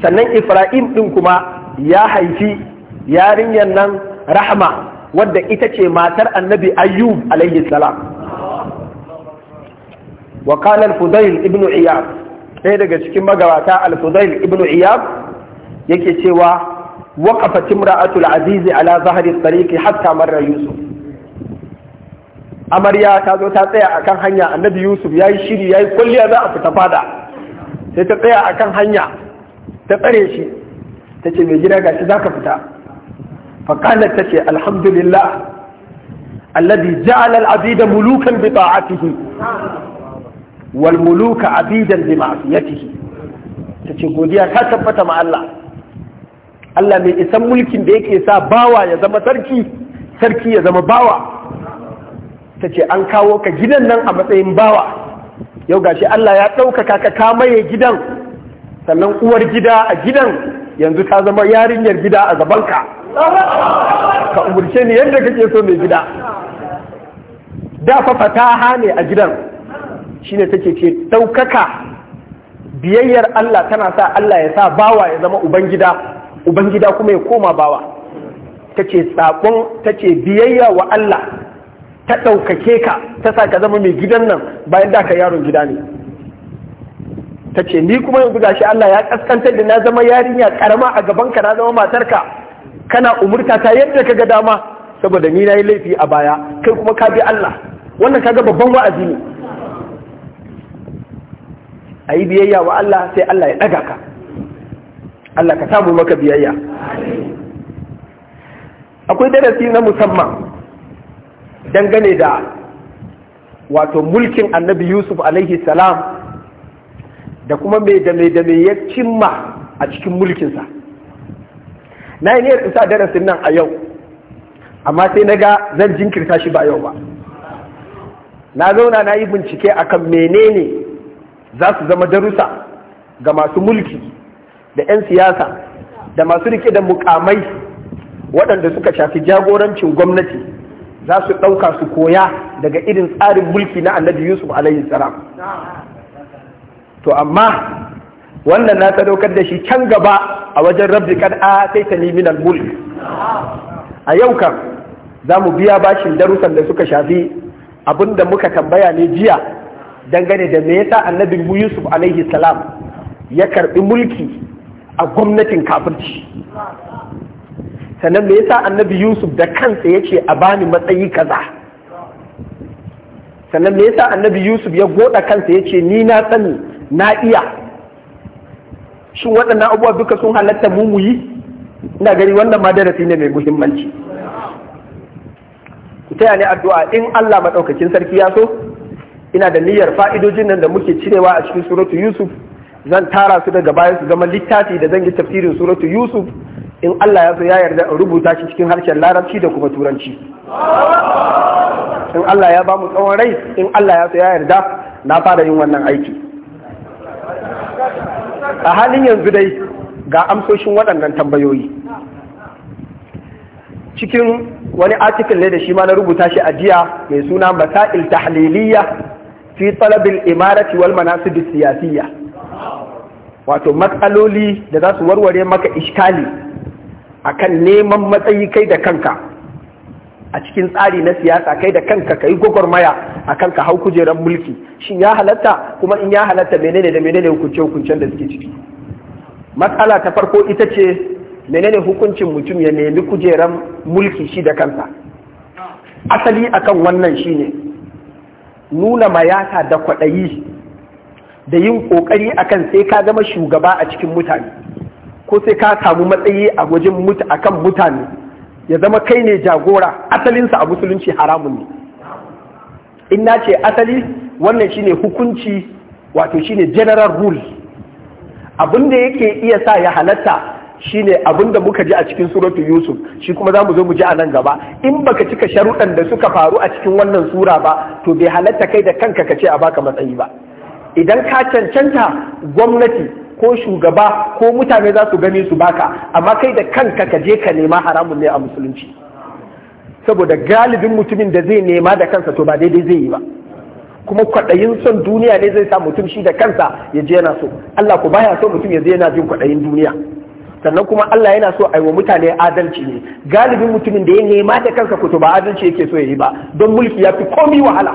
sannan Ibrahim din kuma ya haifi yarinyar nan rahma wadda ita ce matar annabi ayyub alaihi salam wa qala al-fudayl ibn iyad ɗaya daga cikin magabata al ibnu ibn iyab yake cewa waqafat imra'atul azizi ala zahri tariqi hatta marra yusuf amarya ta zo ta tsaya akan hanya annabi yusuf yayi shiri yayi kulliya za a fita fada sai ta tsaya akan hanya ta tsare shi tace mai gida gashi zaka fita fa qalat tace alhamdulillah alladhi ja'ala al mulukan mulukan bi ta'atihi wal muluka abidan bi ma'siyatihi tace godiya ka tabbata ma Allah Allah mai isan mulkin da yake sa bawa ya zama sarki sarki ya zama bawa tace an kawo ka gidan nan a matsayin bawa yau gashi Allah ya ɗaukaka ka ka maye gidan sannan uwar gida a gidan yanzu ta zama yarinyar gida a gabanka ka umurce ni yadda kake so mai gida da fa fataha ne a gidan shine take ce ɗaukaka biyayyar Allah tana sa Allah ya sa bawa ya zama ubangida ubangida kuma ya koma bawa Ta tace saƙon ce biyayya wa Allah ta ɗaukake ka ta sa ka zama mai gidan nan bayan da ka yaron gida ne Ta ce ni kuma yanzu shi Allah ya kaskantar da na zama yarinya karama a gaban ka na zama matarka kana umurta ta yadda ka ga dama saboda ni na yi laifi a baya kai kuma ka bi Allah wannan ga babban wa'azi ne a yi biyayya wa Allah sai Allah ya ɗaga ka Allah ka samu maka biyayya akwai darasi na musamman dangane da wato mulkin annabi yusuf alaihi salam da kuma mai dame dame ya cimma a cikin mulkinsa na yi niyyar isa darasin nan a yau amma sai na ga zan jinkirta shi ba yau ba na zauna na yi bincike akan menene za su zama darusa ga masu mulki da 'yan siyasa da masu rike da mukamai waɗanda suka shafi jagorancin gwamnati za su ɗauka su koya daga irin tsarin mulki na annabi yusuf alayhi salam to amma wannan na sadaukar da shi can gaba a wajen rabbi kan a sai ta nemi nan mulki a yau kan za mu biya bashin darusan da suka shafi abinda muka tambaya ne jiya dangane da me yasa annabin mu Yusuf alaihi salam ya karbi mulki a gwamnatin kafirci sannan me yasa annabi Yusuf da kansa ce a bani matsayi kaza sannan me yasa annabi Yusuf ya goda kansa yace ni na sani na iya shin waɗannan abubuwa duka sun halatta mu muyi yi ina gari wannan ma darasi ne mai muhimmanci ku taya ni addu'a in Allah maɗaukakin sarki ya so ina da niyyar fa'idojin nan da muke cirewa a cikin suratu yusuf zan tara su daga bayan su zama littafi da zan yi tafsirin suratu yusuf in Allah ya so ya yarda in rubuta shi cikin harshen larabci da kuma turanci in Allah ya ba mu tsawon rai in Allah ya so ya yarda na fara yin wannan aiki a halin yanzu dai ga amsoshin waɗannan tambayoyi cikin wani article ne da shi ma na rubuta shi a jiya mai suna masail tahliliya fi talabin imarati wal manasib siyasiyya wato matsaloli da za su warware maka iskali akan neman matsayi kai da kanka a cikin tsari na siyasa kai da kanka kai gwagwarmaya a ka hau kujerar mulki shin ya halatta kuma in ya halatta menene da menene hukunce hukuncen da suke ciki matsala ta farko ita ce menene hukuncin mutum ya nemi kujerar mulki shi da kansa asali akan wannan shine nuna mayata da kwaɗayi da yin ƙoƙari a kan sai ka zama shugaba a cikin mutane ko sai ka samu matsayi a wajen a kan mutane ya zama kai ne jagora asalinsa a musulunci haramun ne in na ce asali wannan shine hukunci wato shine general rule abin ne yake iya sa ya halatta Shi ne abin da muka ji a cikin suratu Yusuf shi kuma za mu zo mu ji a nan gaba in baka cika sharuɗan da suka faru a cikin wannan sura ba to bai halatta kai da kanka ka ce a baka matsayi ba idan ka cancanta gwamnati ko shugaba ko mutane za su gani su baka amma kai da kanka ka je ka nema haramun ne a musulunci saboda galibin mutumin da zai nema da kansa to ba daidai zai yi ba kuma kwaɗayin son duniya ne zai sa mutum shi da kansa ya je yana so Allah ku baya so mutum ya je yana jin kwaɗayin duniya sannan kuma Allah yana so a yi wa mutane adalci ne galibin mutumin da ya nema da kansa kuto ba adalci yake so ya yi ba don mulki ya fi komi wahala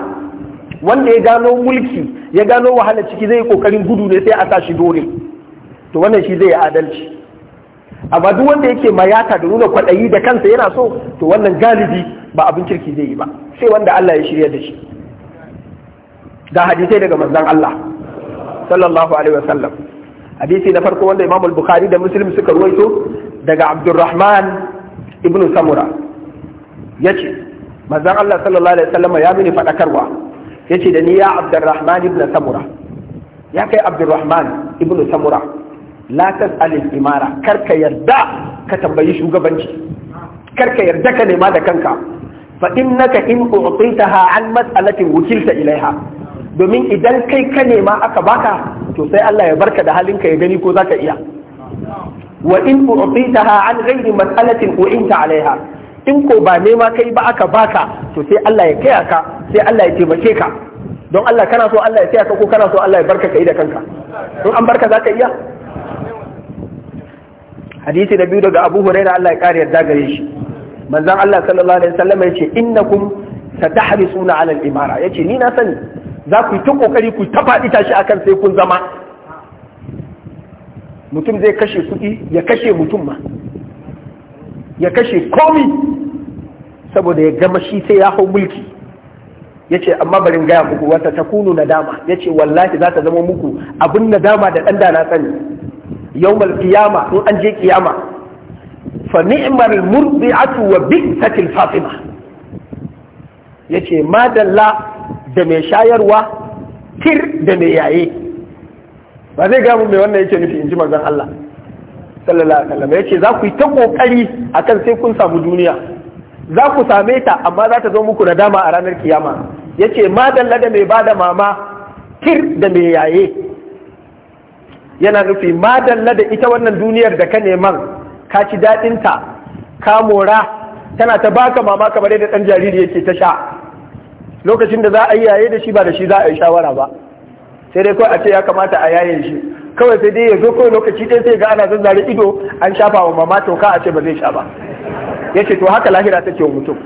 wanda ya gano mulki ya gano wahala ciki zai yi kokarin gudu ne sai a sa shi dole to wannan shi zai yi adalci amma duk wanda yake mayata da nuna kwaɗayi da kansa yana so to wannan galibi ba abin kirki zai yi ba sai wanda Allah ya shirya da shi ga hadisai daga manzon Allah sallallahu alaihi wasallam hadisi na farko wanda imam al-bukhari da muslim suka ruwaito daga abdurrahman ibn samura yace manzon Allah sallallahu alaihi wasallam ya mini fadakarwa yace da ni ya abdurrahman ibn samura ya kai abdurrahman ibn samura la tas'al al-imara karka yarda ka tambayi shugabanci karka yarda ka nema da kanka fa innaka in u'titaha an mas'alatin wukilta ilaiha domin idan kai ka nema aka baka to sai Allah ya barka da halinka ya gani ko zaka iya wa in u'titaha an ghairi mas'alatin u'inta alaiha in ko ba nema kai ba aka baka to sai Allah ya kaya ka sai Allah ya taimake ka don Allah kana so Allah ya kaya ka ko kana so Allah ya barka kai da kanka in an barka zaka iya hadisi da biyu daga Abu Hurairah Allah ya kare yarda gare shi manzon Allah sallallahu alaihi wasallam ya ce innakum satahrisuna ala al-imara yace ni na sani za ku yi ta ƙoƙari ku ta faɗi tashi akan sai kun zama mutum zai kashe kuɗi ya kashe mutum ma ya kashe komi saboda ya gama shi sai ya hau mulki ya ce amma barin gaya muku wata ta kunu nadama ya ce wallahi za ta zama muku abin nadama da ɗan dana sani mal kiyama in an je kiyama fa ni'mar murdi'atu wa bi'satil fatima yace madalla da mai shayarwa tir da mai yaye ba zai gamu mai wannan yake nufi in ji manzon Allah sallallahu alaihi wasallam yace za ku yi ta kokari akan sai kun samu duniya za ku same ta amma za ta zo muku na dama a ranar kiyama yace ma da mai bada mama tir da mai yaye yana nufi ma da ita wannan duniyar da ka neman ka ci daɗinta ka mora tana ta baka mama kamar yadda ɗan jariri yake ta sha lokacin da za a yi yaye da shi ba da shi za a yi shawara ba sai dai kawai a ce ya kamata a yaye shi kawai sai dai ya zo kawai lokaci ɗaya sai ga ana zanzare ido an shafa wa mama ka a ce ba zai sha ba ya ce to haka lahira take wa mutum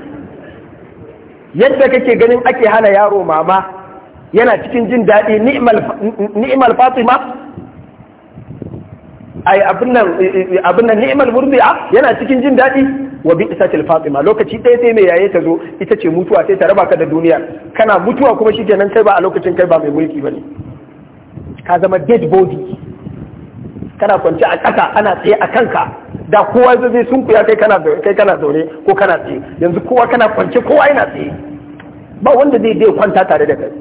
yadda kake ganin ake hana yaro mama yana cikin jin daɗi ni'imal fatima ai abin nan eh, eh, ni'imal murbi'a yana cikin jin daɗi wa bi isa til fatima lokaci ɗaya sai mai yaye ta zo ita ce mutuwa sai ta raba ka da duniya kana mutuwa kuma shi kenan kai ba a lokacin kai ba mai mulki ba ne ka zama dead body kana kwance a ƙasa ana tsaye a kanka da kowa zai kuya kai kana kai kana zaune ko kana tsaye yanzu kowa kana kwance kowa yana tsaye ba wanda zai dai kwanta tare da kai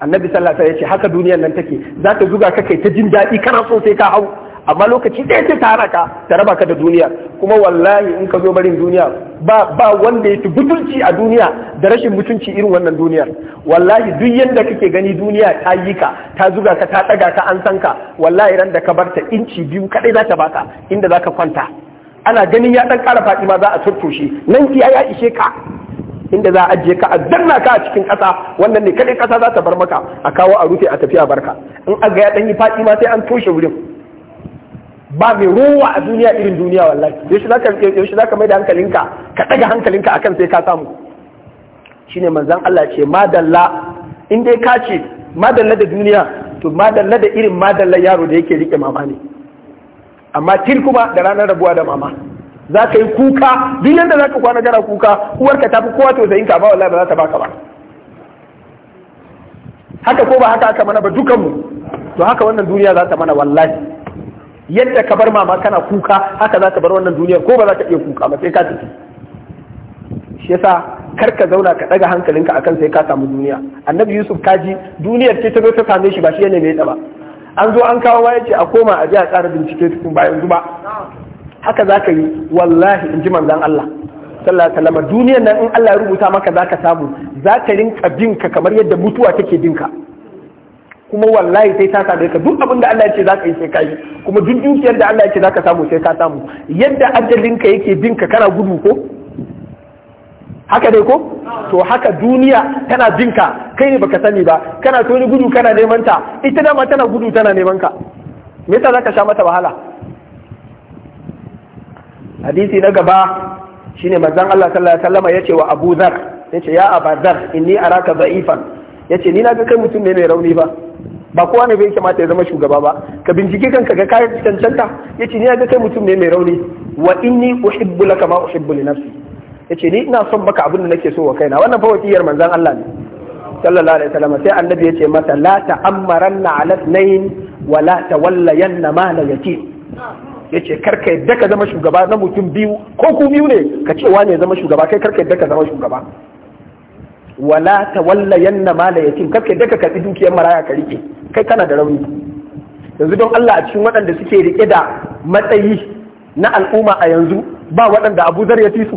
annabi sallallahu alaihi wasallam ya ce haka duniyar nan take za ta zuga ka kai ta jin daɗi kana so sai ka hau amma lokaci ɗaya ce ta ka ta raba ka da duniya kuma wallahi in ka zo barin duniya ba wanda ya fi mutunci a duniya da rashin mutunci irin wannan duniyar wallahi duk yanda kake gani duniya ta yi ka ta zuga ka ta ɗaga ka an san ka wallahi ran da ka bar ta inci biyu kaɗai za ta baka inda za ka kwanta ana ganin ya ɗan ƙara faɗi ma za a surto nan iya ya ishe ka inda za a ajiye ka a danna ka a cikin ƙasa wannan ne kaɗai ƙasa za ta bar maka a kawo a rufe a tafiya barka in aga ya ɗan yi faɗi ma sai an toshe wurin ba mai ruwa a duniya irin duniya wallahi yaushe zaka yaushe ka mai da hankalinka ka ɗaga hankalinka akan sai ka samu shine manzon Allah ce madalla in dai ka ce madalla da duniya to madalla da irin madalla yaro da yake rike mama ne amma til kuma da ranar rabuwa da mama za ka yi kuka duk yadda za ka kwana gara kuka uwarka ta fi kowa tausayin ka ba wallahi ba za ta baka ba haka ko ba haka aka mana ba dukanmu to haka wannan duniya za ta mana wallahi yadda ka bar mama kana kuka haka za ka bar wannan duniyar ko ba za ka iya kuka ba sai ka tafi shi yasa kar ka zauna ka daga hankalinka akan sai ka samu duniya annabi yusuf kaji duniyar ce ta zo ta same shi ba shi ne mai ba an zo an kawo ya ce a koma a je a tsara bincike tukun bayan zuba haka za ka yi wallahi in ji manzan Allah sallallahu alaihi wasallam duniyar nan in Allah ya rubuta maka za ka samu za ka rinka binka kamar yadda mutuwa take binka kuma wallahi sai ta same ka duk abin da Allah ya ce za ka yi sai ka yi kuma duk dukiyar da Allah ya ce za ka samu sai ka samu yadda ajalinka yake bin ka kana gudu ko haka dai ko to haka duniya tana bin ka kai ne baka sani ba kana to ni gudu kana neman ta ita dama tana gudu tana neman ka me yasa zaka sha mata wahala hadisi na gaba shine manzon Allah sallallahu alaihi wasallam yace wa Abu Dhar yace ya Abu Dhar inni araka da'ifan yace ni na ga kai mutum ne mai rauni ba ba kowa ne bai kamata ya zama shugaba ba ka bincike kanka ga kayan cancanta ce ni ya ga kai mutum ne mai rauni wa inni uhibbu laka ma uhibbu li nafsi yace ni ina son maka abin da nake so wa kaina wannan fa wasiyar manzon Allah ne sallallahu alaihi wasallam sai annabi ya ce masa la ta'ammaranna ala ithnain wa la tawallayanna ma la yatim yace karka yadda ka zama shugaba na mutum biyu ko ku biyu ne ka ce wane zama shugaba kai karka yadda ka zama shugaba wala tawallayanna ma la yatim karka yadda ka karbi dukiyar maraya ka rike kai kana da rauni yanzu don Allah a cikin waɗanda suke riƙe da matsayi na al'umma a yanzu ba waɗanda Abu Zar ya fi su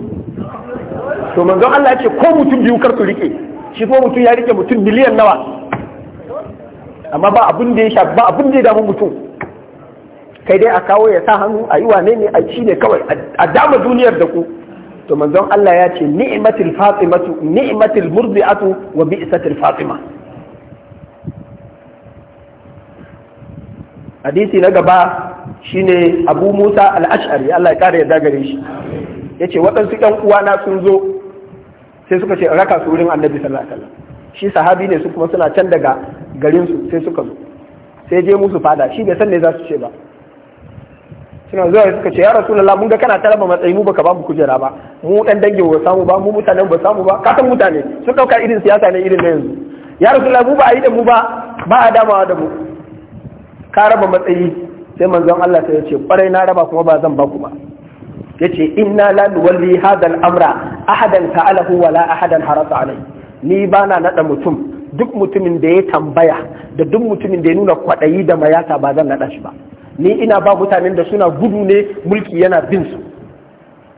to manzon Allah ya ce ko mutum biyu kar su riƙe shi ko mutum ya riƙe mutum miliyan nawa amma ba abin da ya ba abin da ya damu mutum kai dai a kawo ya sa hannu a yi wane ne a ci ne kawai a dama duniyar da ku to manzon Allah ya ce ni'matul fatimatu ni'matul murdi'atu wa bi'satul fatima hadisi na gaba shine abu musa al'ashari allah ya kare ya zagare shi ya ce waɗansu ɗan uwana sun zo sai suka ce raka su wurin annabi sallallahu alaihi shi sahabi ne su kuma suna can daga garin su sai suka zo sai je musu fada shi bai san ne za su ce ba suna zuwa suka ce ya rasulullah mun ga kana ta ba matsayi mu baka ba mu kujera ba mu dan dangin ba samu ba mu mutanen ba samu ba ka mutane sun dauka irin siyasa ne irin na yanzu ya rasulullah mu ba a yi da mu ba ba a damawa da mu ka raba matsayi sai manzon Allah ta ce kwarai na raba kuma ba zan ba ku ba yace inna la nuwalli hadha amra ahadan ta'alahu wala ahadan harasa alai ni ba na nada mutum duk mutumin da ya tambaya da duk mutumin da ya nuna kwaɗayi da mayata ba zan naɗa shi ba ni ina ba mutanen da suna gudu ne mulki yana bin su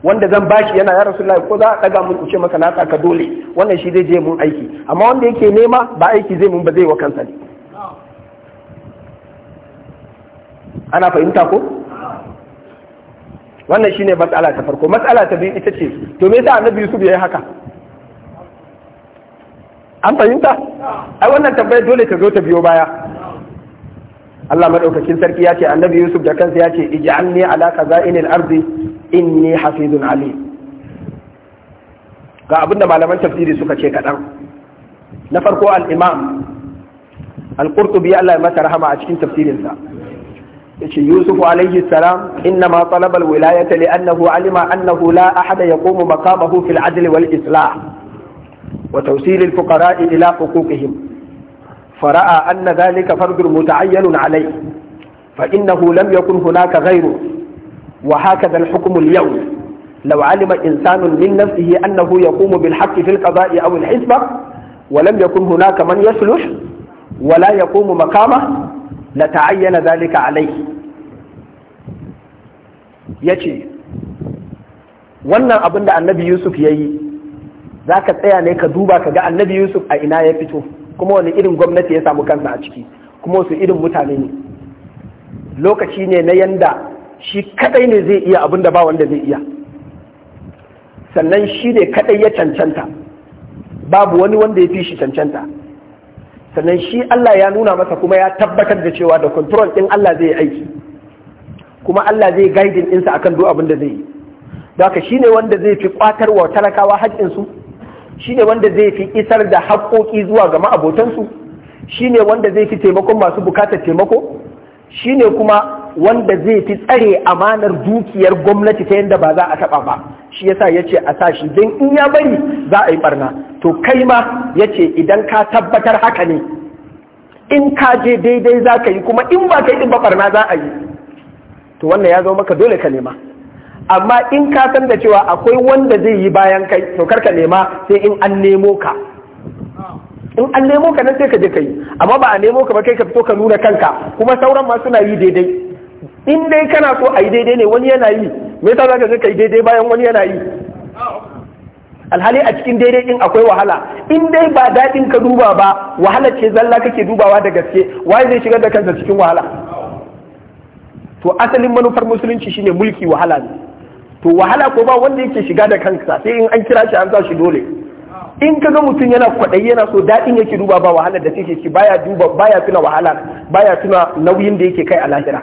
wanda zan bashi yana ya rasulullahi ko za a ɗaga mun ce masa na ka dole wannan shi zai je mun aiki amma wanda yake nema ba aiki zai mun ba zai wa kansa ne ana fahimta ko wannan shine matsala ta farko matsala ta biyu ita ce to me yasa annabi Yusuf yayi haka an fahimta ai wannan tambayar dole ta zo ta biyo baya Allah madaukakin sarki ya ce annabi Yusuf da kansa ya ce ij'alni ala khaza'inil ardi inni hafizun ali ga abinda malaman tafsiri suka ce kadan na farko al-imam al-qurtubi Allah ya masa rahama a cikin tafsirinsa yace Yusuf alaihi salam inna ma talaba alwilayata li'annahu alima annahu la ahada yaqumu maqamahu fil adl wal islah wa tawsil al fuqara ila huquqihim فرأى أن ذلك فرض متعين عليه فإنه لم يكن هناك غيره وهكذا الحكم اليوم لو علم إنسان من نفسه أنه يقوم بالحق في القضاء أو الحسبة ولم يكن هناك من يصلح ولا يقوم مقامه la ta'ayyana zalika alai yace wannan abin da annabi Yusuf yayi zaka tsaya ne ka duba ka ga annabi Yusuf a ina ya fito kuma wani irin gwamnati ya samu kansa a ciki kuma wasu irin mutane ne lokaci ne na yanda shi kadai ne zai iya abin da ba wanda zai iya sannan shi ne kadai ya cancanta babu wani wanda ya fi shi cancanta sannan shi Allah ya nuna masa kuma ya tabbatar da cewa da control ɗin Allah zai aiki kuma Allah zai guiding ɗinsa akan duk abin da zai yi haka shi ne wanda zai fi ƙwatar wa talakawa haƙƙinsu shi ne wanda zai fi isar da haƙƙoƙi zuwa ga ma'abotansu shi ne wanda zai fi taimakon masu bukatar taimako shi ne kuma wanda zai fi tsare amanar dukiyar gwamnati ta yadda ba za a taɓa ba shi yasa ya ce a sa shi don in ya bari za a yi barna to kai ma ya ce idan ka tabbatar haka ne in ka je daidai za ka yi kuma in ba ka yi ɗin na za a yi to wannan ya zo maka dole ka nema amma in ka san da cewa akwai wanda zai yi bayan kai to karka nema sai in an nemo ka in an nemo ka nan sai ka je ka yi amma ba a nemo ka ba kai ka fito ka nuna kanka kuma sauran masu suna yi daidai in dai kana so a yi daidai ne wani yana yi me yasa za ka je ka yi daidai bayan wani yana yi alhali a cikin daidai ɗin akwai wahala in dai ba daɗin ka duba ba wahala ce zalla kake dubawa da gaske waye zai shigar da kansa cikin wahala to asalin manufar musulunci shine mulki wahala ne to wahala ko ba wanda yake shiga da kansa sai in an kira shi an sa shi dole in ka ga mutum yana kwaɗayi yana so daɗin yake duba ba wahala da take baya duba baya tuna wahala baya tuna nauyin da yake kai a lahira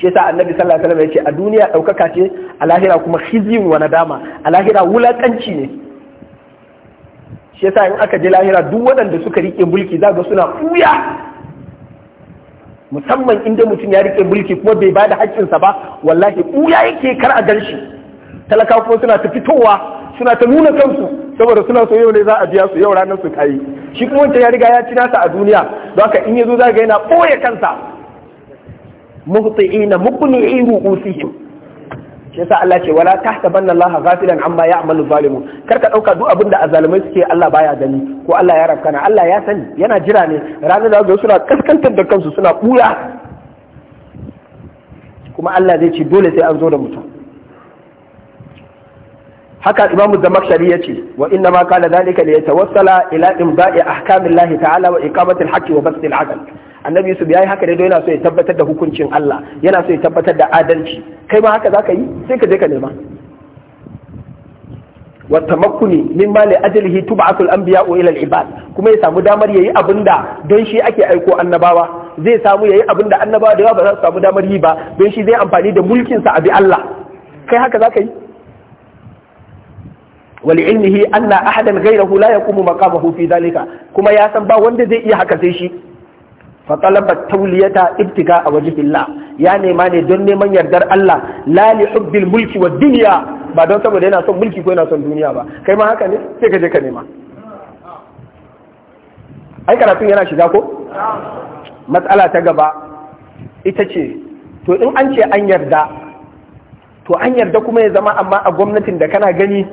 shi yasa annabi sallallahu alaihi wasallam yace a duniya daukaka ce a lahira kuma khizyun wa nadama a lahira wulakanci ne shi yasa in aka je lahira duk waɗanda suka rike mulki za ga suna kuya musamman inda mutum ya rike mulki kuma bai bada haƙƙinsa ba wallahi kuya yake kar a garshi talakawa kuma suna ta fitowa suna ta nuna kansu saboda suna so yau ne za a biya su yau ranar su kai shi kuma wancan ya riga ya ci nasa a duniya don haka in yazo za ga yana ɓoye kansa muhti'ina muqni'i ru'usihim shi yasa Allah ce wala tahtabanna Allah ghafilan amma ya'malu zalimun kar ka ɗauka duk abinda azalimai suke Allah baya gani ko Allah ya rafkana Allah ya sani yana jira ne ranar da zo suna kaskantar da kansu suna buya kuma Allah zai ce dole sai an zo da mutu. haka Imam Zamakhshari yace wa inna ma kana da ya tawassala ila imda'i ahkamillahi ta'ala wa iqamati al-haqqi wa basthi al annabi yusuf ya yi haka dai yana so ya tabbatar da hukuncin Allah yana so ya tabbatar da adalci kai ma haka zaka yi sai ka je ka nema wa tamakkuni mimma li ajlihi tub'atu al-anbiya'u ila al-ibad kuma ya samu damar yayi abinda don shi ake aiko annabawa zai samu yayi abinda annabawa da yawa ba za su samu damar yi ba don shi zai amfani da mulkin sa a bi Allah kai haka zaka yi wal ilmihi anna ahadan ghayrahu la yaqumu maqamahu fi dhalika kuma ya san ba wanda zai iya haka sai shi fa talabat tawliyata ibtiga a wajhillah ya nema ne don neman yardar Allah lali li mulki wa dunya ba don saboda yana son mulki ko yana son duniya ba kai ma haka ne sai ka je ka nema ai karatun yana shiga ko matsala ta gaba ita ce to in an ce an yarda to an yarda kuma ya zama amma a gwamnatin da kana gani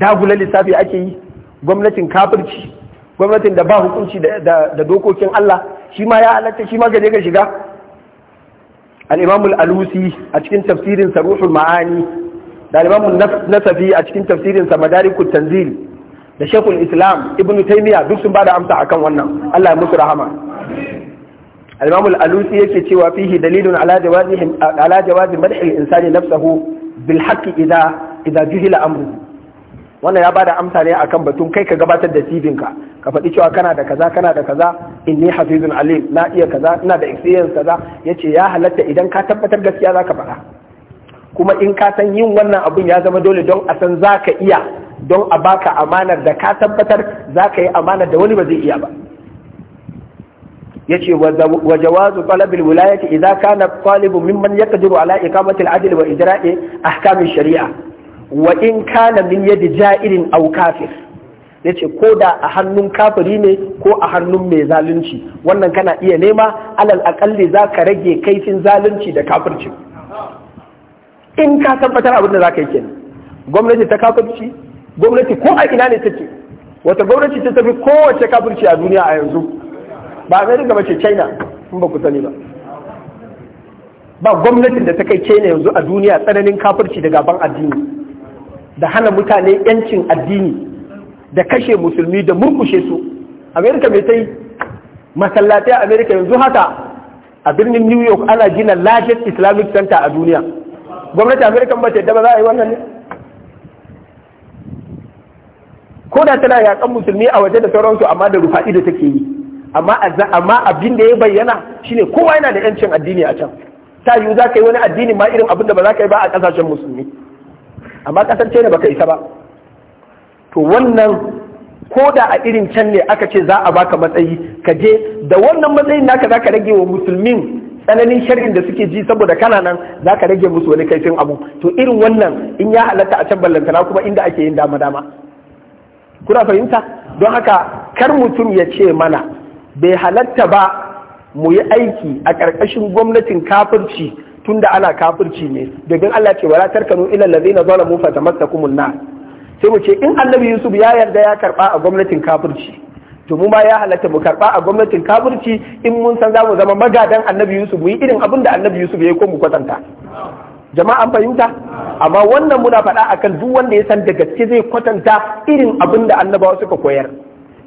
dagula lissafi ake yi gwamnatin kafirci gwamnatin da ba hukunci da dokokin Allah shi ma ya halatta shi ma gaje ga shiga al’imamul alusi a cikin tafsirin sa ma'ani da al’imamul nasafi a cikin tafsirin samadari Tanzir, da shekul islam Ibn taimiyya duk sun bada amsa akan wannan Allah ya musu rahama al’imamul alusi yake cewa fihi dalilin ala jawazi al-insani nafsahu bil haqqi idza idza wannan ya ba da amsa ne akan batun kai ka gabatar da sibinka ka faɗi cewa kana da kaza kana da kaza ni hafizun alim na iya kaza ina da experience kaza yace ya halatta idan ka tabbatar gaskiya zaka faɗa kuma in ka san yin wannan abun ya zama dole don a san zaka iya don a baka amanar da ka tabbatar zaka yi amanar da wani ba zai iya ba yace wa jawazu talabil wilayati idza kana talibu mimman yaqdiru ala iqamati al-adl wa idra'i ahkam shari'a wa in kana min yadi ja'irin aw kafir ya ce ko da a hannun kafiri ne ko a hannun mai zalunci wannan kana iya nema alal akalli za ka rage kaifin zalunci da kafirci in ka tabbatar abin da za ka yi kenan gwamnati ta kafirci gwamnati ko a ina ne take wata gwamnati ta tafi kowace kafirci a duniya a yanzu ba a ba mace china in ba ku sani ba ba gwamnatin da ta kai china yanzu a duniya tsananin kafirci daga ban addini da hana mutane yancin addini da kashe musulmi da murkushe su amerika mai ta masallatai a amerika yanzu haka a birnin new york ana gina largest islamic center a duniya gwamnati amerika ba ta yadda ba za a yi wannan ne ko da tana yakan musulmi a waje da sauransu amma da rufaɗi da take yi amma abin da ya bayyana shine kowa yana da yancin addini a can ta yiwu za ka yi wani addini ma irin abin da ba za ka yi ba a ƙasashen musulmi amma ƙasar ce ba ka isa ba to wannan ko da a irin can ne aka ce za a baka matsayi ka je da wannan matsayin naka za ka rage wa musulmin tsananin shar'in da suke ji saboda kana nan za ka rage musu wani kaifin abu to irin wannan in ya halatta a can ballantana kuma inda ake yin dama dama kuna fahimta don haka kar mutum ya ce mana bai halatta ba mu yi aiki a ƙarƙashin gwamnatin kafirci tunda ana kafirci ne domin Allah ce wala tarkanu ila ladina zalamu fa nar sai mu ce in annabi yusuf ya yarda ya karba a gwamnatin kafirci to mu ma ya halatta mu karba a gwamnatin kafirci in mun san zamu zama magadan annabi yusuf mu yi irin abin da annabi yusuf ya yi ko mu kwatanta jama'a an fahimta amma wannan muna faɗa akan duk wanda ya san da gaske zai kwatanta irin abin da annabawa suka koyar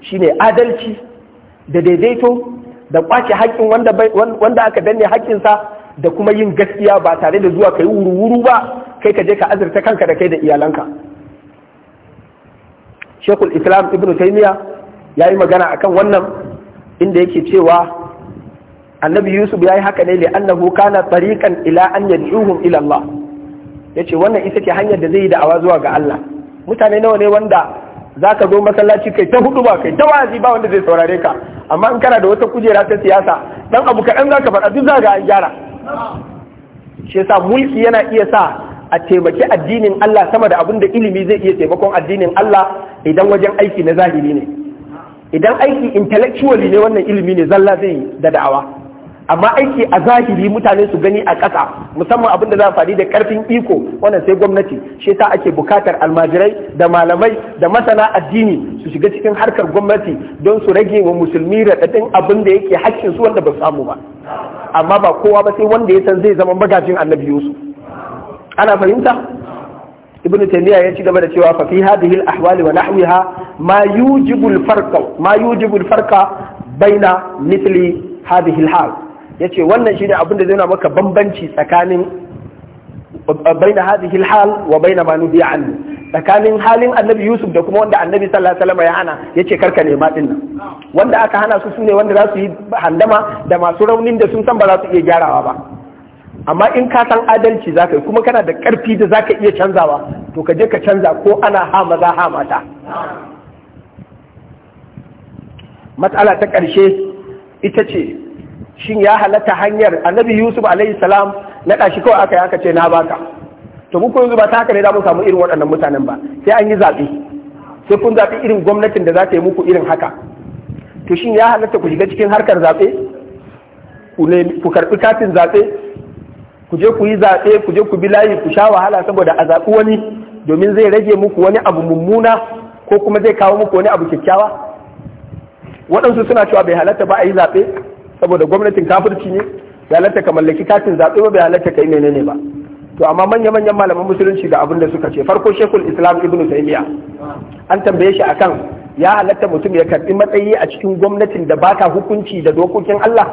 shine adalci da daidaito da kwace haƙƙin wanda aka danne haƙƙinsa da kuma yin gaskiya ba tare da zuwa kai wuru-wuru ba kai ka je ka azurta kanka da kai da iyalanka shekul islam ibn taimiya ya yi magana akan wannan inda yake cewa annabi yusuf ya yi haka ne li annahu kana tariqan ila an yad'uhum ila allah yace wannan ita ce hanyar da zai yi da'awa zuwa ga Allah mutane nawa ne wanda zaka zo masallaci kai ta hudu ba kai ta wazi ba wanda zai saurare ka amma in kana da wata kujera ta siyasa dan abu kaɗan zaka faɗa duk zaka an gyara shi yasa mulki yana iya sa a taimaki addinin Allah sama da abin da ilimi zai iya taimakon addinin Allah idan wajen aiki na zahiri ne idan aiki intellectual ne wannan ilimi ne zalla zai yi da da'awa amma aiki a zahiri mutane su gani a ƙasa musamman abin da za a faɗi da ƙarfin iko wannan sai gwamnati shi yasa ake bukatar almajirai da malamai da masana addini su shiga cikin harkar gwamnati don su rage wa musulmi raɗaɗin abin da yake haƙƙin su wanda ba su samu ba amma ba kowa ba sai wanda ya san zai zama magajin annabi Yusuf ana fahimta ibn taymiya ya ci gaba da cewa fa fi hadhihi al ahwali wa nahwiha ma yujibu al farqa ma yujibu al farqa baina mithli hadhihi al hal yace wannan shine abin da zai nuna maka bambanci tsakanin baina hadhihi al hal wa baina ma nubiya anhu tsakanin halin annabi yusuf da kuma wanda annabi sallallahu alaihi wasallam ya hana yace karka ne din nan wanda aka hana su sune wanda za su yi handama da masu raunin da sun san ba za su iya gyarawa ba amma in ka san adalci za ka yi kuma kana da ƙarfi da za ka iya canzawa to ka je ka canza ko ana hama za ha mata matsala ta ƙarshe ita ce shin ya halatta hanyar annabi yusuf alaihi salam na ɗashi kawai aka yi aka ce na baka to muku yanzu ba ta haka ne za mu samu irin waɗannan mutanen ba sai an yi zaɓe sai kun zaɓi irin gwamnatin da za ta yi muku irin haka to shin ya halatta ku shiga cikin harkar zaɓe ku karɓi katin zaɓe ku je ku yi zaɓe ku je ku bi layi ku sha wahala saboda a zaɓi wani domin zai rage muku wani abu mummuna ko kuma zai kawo muku wani abu kyakkyawa waɗansu suna cewa bai halatta ba a yi zaɓe saboda gwamnatin kafirci ne bai halatta ka mallaki katin zaɓe ba bai halatta ka yi menene ba to amma manya manyan malaman musulunci ga abin da suka ce farko shekul islam ibnu taymiya an tambaye shi akan ya halatta mutum ya karɓi matsayi a cikin gwamnatin da baka hukunci da dokokin Allah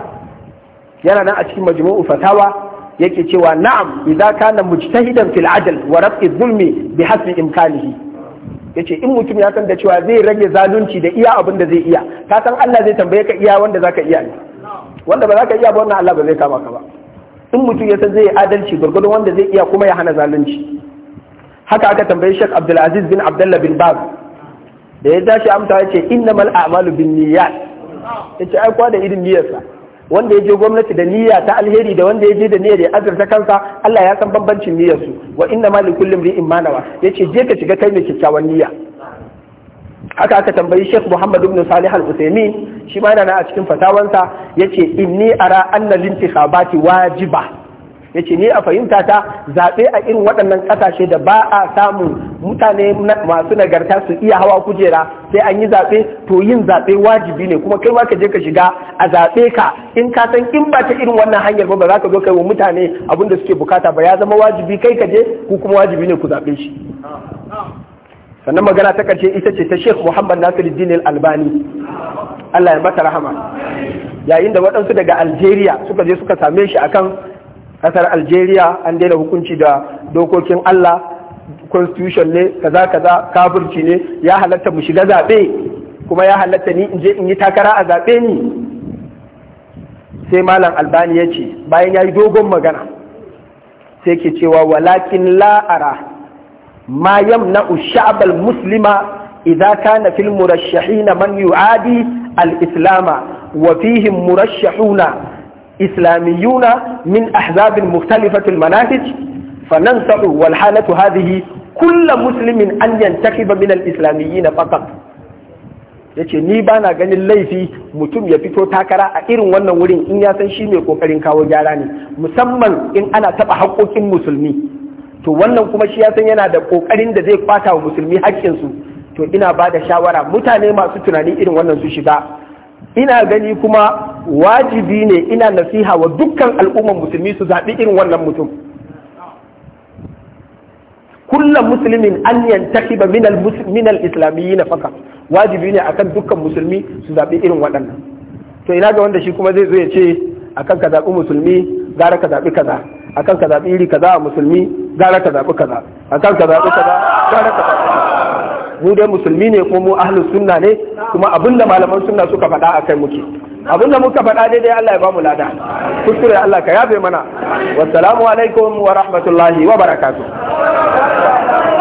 yana nan a cikin majmu'u fatawa yake cewa na'am idza kana mujtahidan fil adl wa raf'i zulmi bi hasbi imkanihi yace in mutum ya san da cewa zai rage zalunci da iya abin da zai iya ka san Allah zai tambaye ka iya wanda zaka iya ne wanda ba zaka iya ba wannan Allah ba zai kama ka ba in mutum ya san zai adalci gurgurdon wanda zai iya kuma ya hana zalunci haka aka tambayi Sheikh Abdul Aziz bin Abdullah bin Baz da ya tashi amsa yace innamal a'malu bin niyyat yace ai kwa da irin niyyarsa wanda ya je gwamnati da niyya ta alheri da wanda ya je da niyya da azurta kansa Allah ya san bambancin niyyar su wa inna ma likullin imrin ma nawa yace je ka shiga kai mai kyakkyawan niyya haka aka tambayi Sheikh Muhammad ibn Salih Al-Uthaymeen shi ma yana a cikin fatawansa yace inni ara anna lintikhabati wajiba ya ce ni a fahimta ta zaɓe a irin waɗannan ƙasashe da ba a samun mutane masu nagarta su iya hawa kujera sai an yi zaɓe to yin zaɓe wajibi ne kuma kai ma ka je ka shiga a zaɓe ka in ka san in ba ta irin wannan hanyar ba ba za ka zo kai wa mutane abin da suke bukata ba ya zama wajibi kai ka je ku kuma wajibi ne ku zaɓe shi sannan magana ta karshe ita ce ta Sheikh Muhammad Nasiruddin Al-Albani Allah ya mata rahama yayin da waɗansu daga Algeria suka je suka same shi akan kasar algeria an daina hukunci da dokokin allah constitution ne kaza kaza kafirci ne ya halatta mu shiga zaɓe kuma ya halatta ni in je in yi takara a zaɓe ni sai malam albani ya ce bayan ya yi dogon magana sai ke cewa walakin la'ara ma na ushabal muslima إذا na في adi al'islama, يعادي الإسلام وفيهم مرشحون إسلاميون من أحزاب مختلفة المناهج فننسع والحالة هذه كل مسلم أن ينتخب من الإسلاميين فقط yace ni ba na ganin laifi mutum ya fito takara a irin wannan wurin in ya san shi mai kokarin kawo gyara ne musamman in ana taɓa haƙoƙin musulmi to wannan kuma shi ya san yana da kokarin da zai kwata wa musulmi haƙƙinsu to ina ba da shawara mutane masu tunani irin wannan su shiga ina gani kuma wajibi ne ina nasiha wa dukkan al'ummar musulmi su zaɓi irin wannan mutum kulla musulmin an yantaki ba minal islamiyyi na faka wajibi ne akan dukkan musulmi su zaɓi irin waɗannan to ina ga wanda shi kuma zai zo ya ce akan ka zaɓi musulmi gara ka zaɓi kaza akan ka zaɓi iri kaza a musulmi gara ka zaɓi kaza akan ka zaɓi kaza gara ka zaɓi kaza. mu dai musulmi ne ko mu ahlus sunna ne kuma da malaman sunna suka faɗa a kai muke abin da muka faɗa daidai Allah ya ba mu lada kuskure Allah ka yafe mana wassalamu alaikum wa rahmatullahi wa barakatuh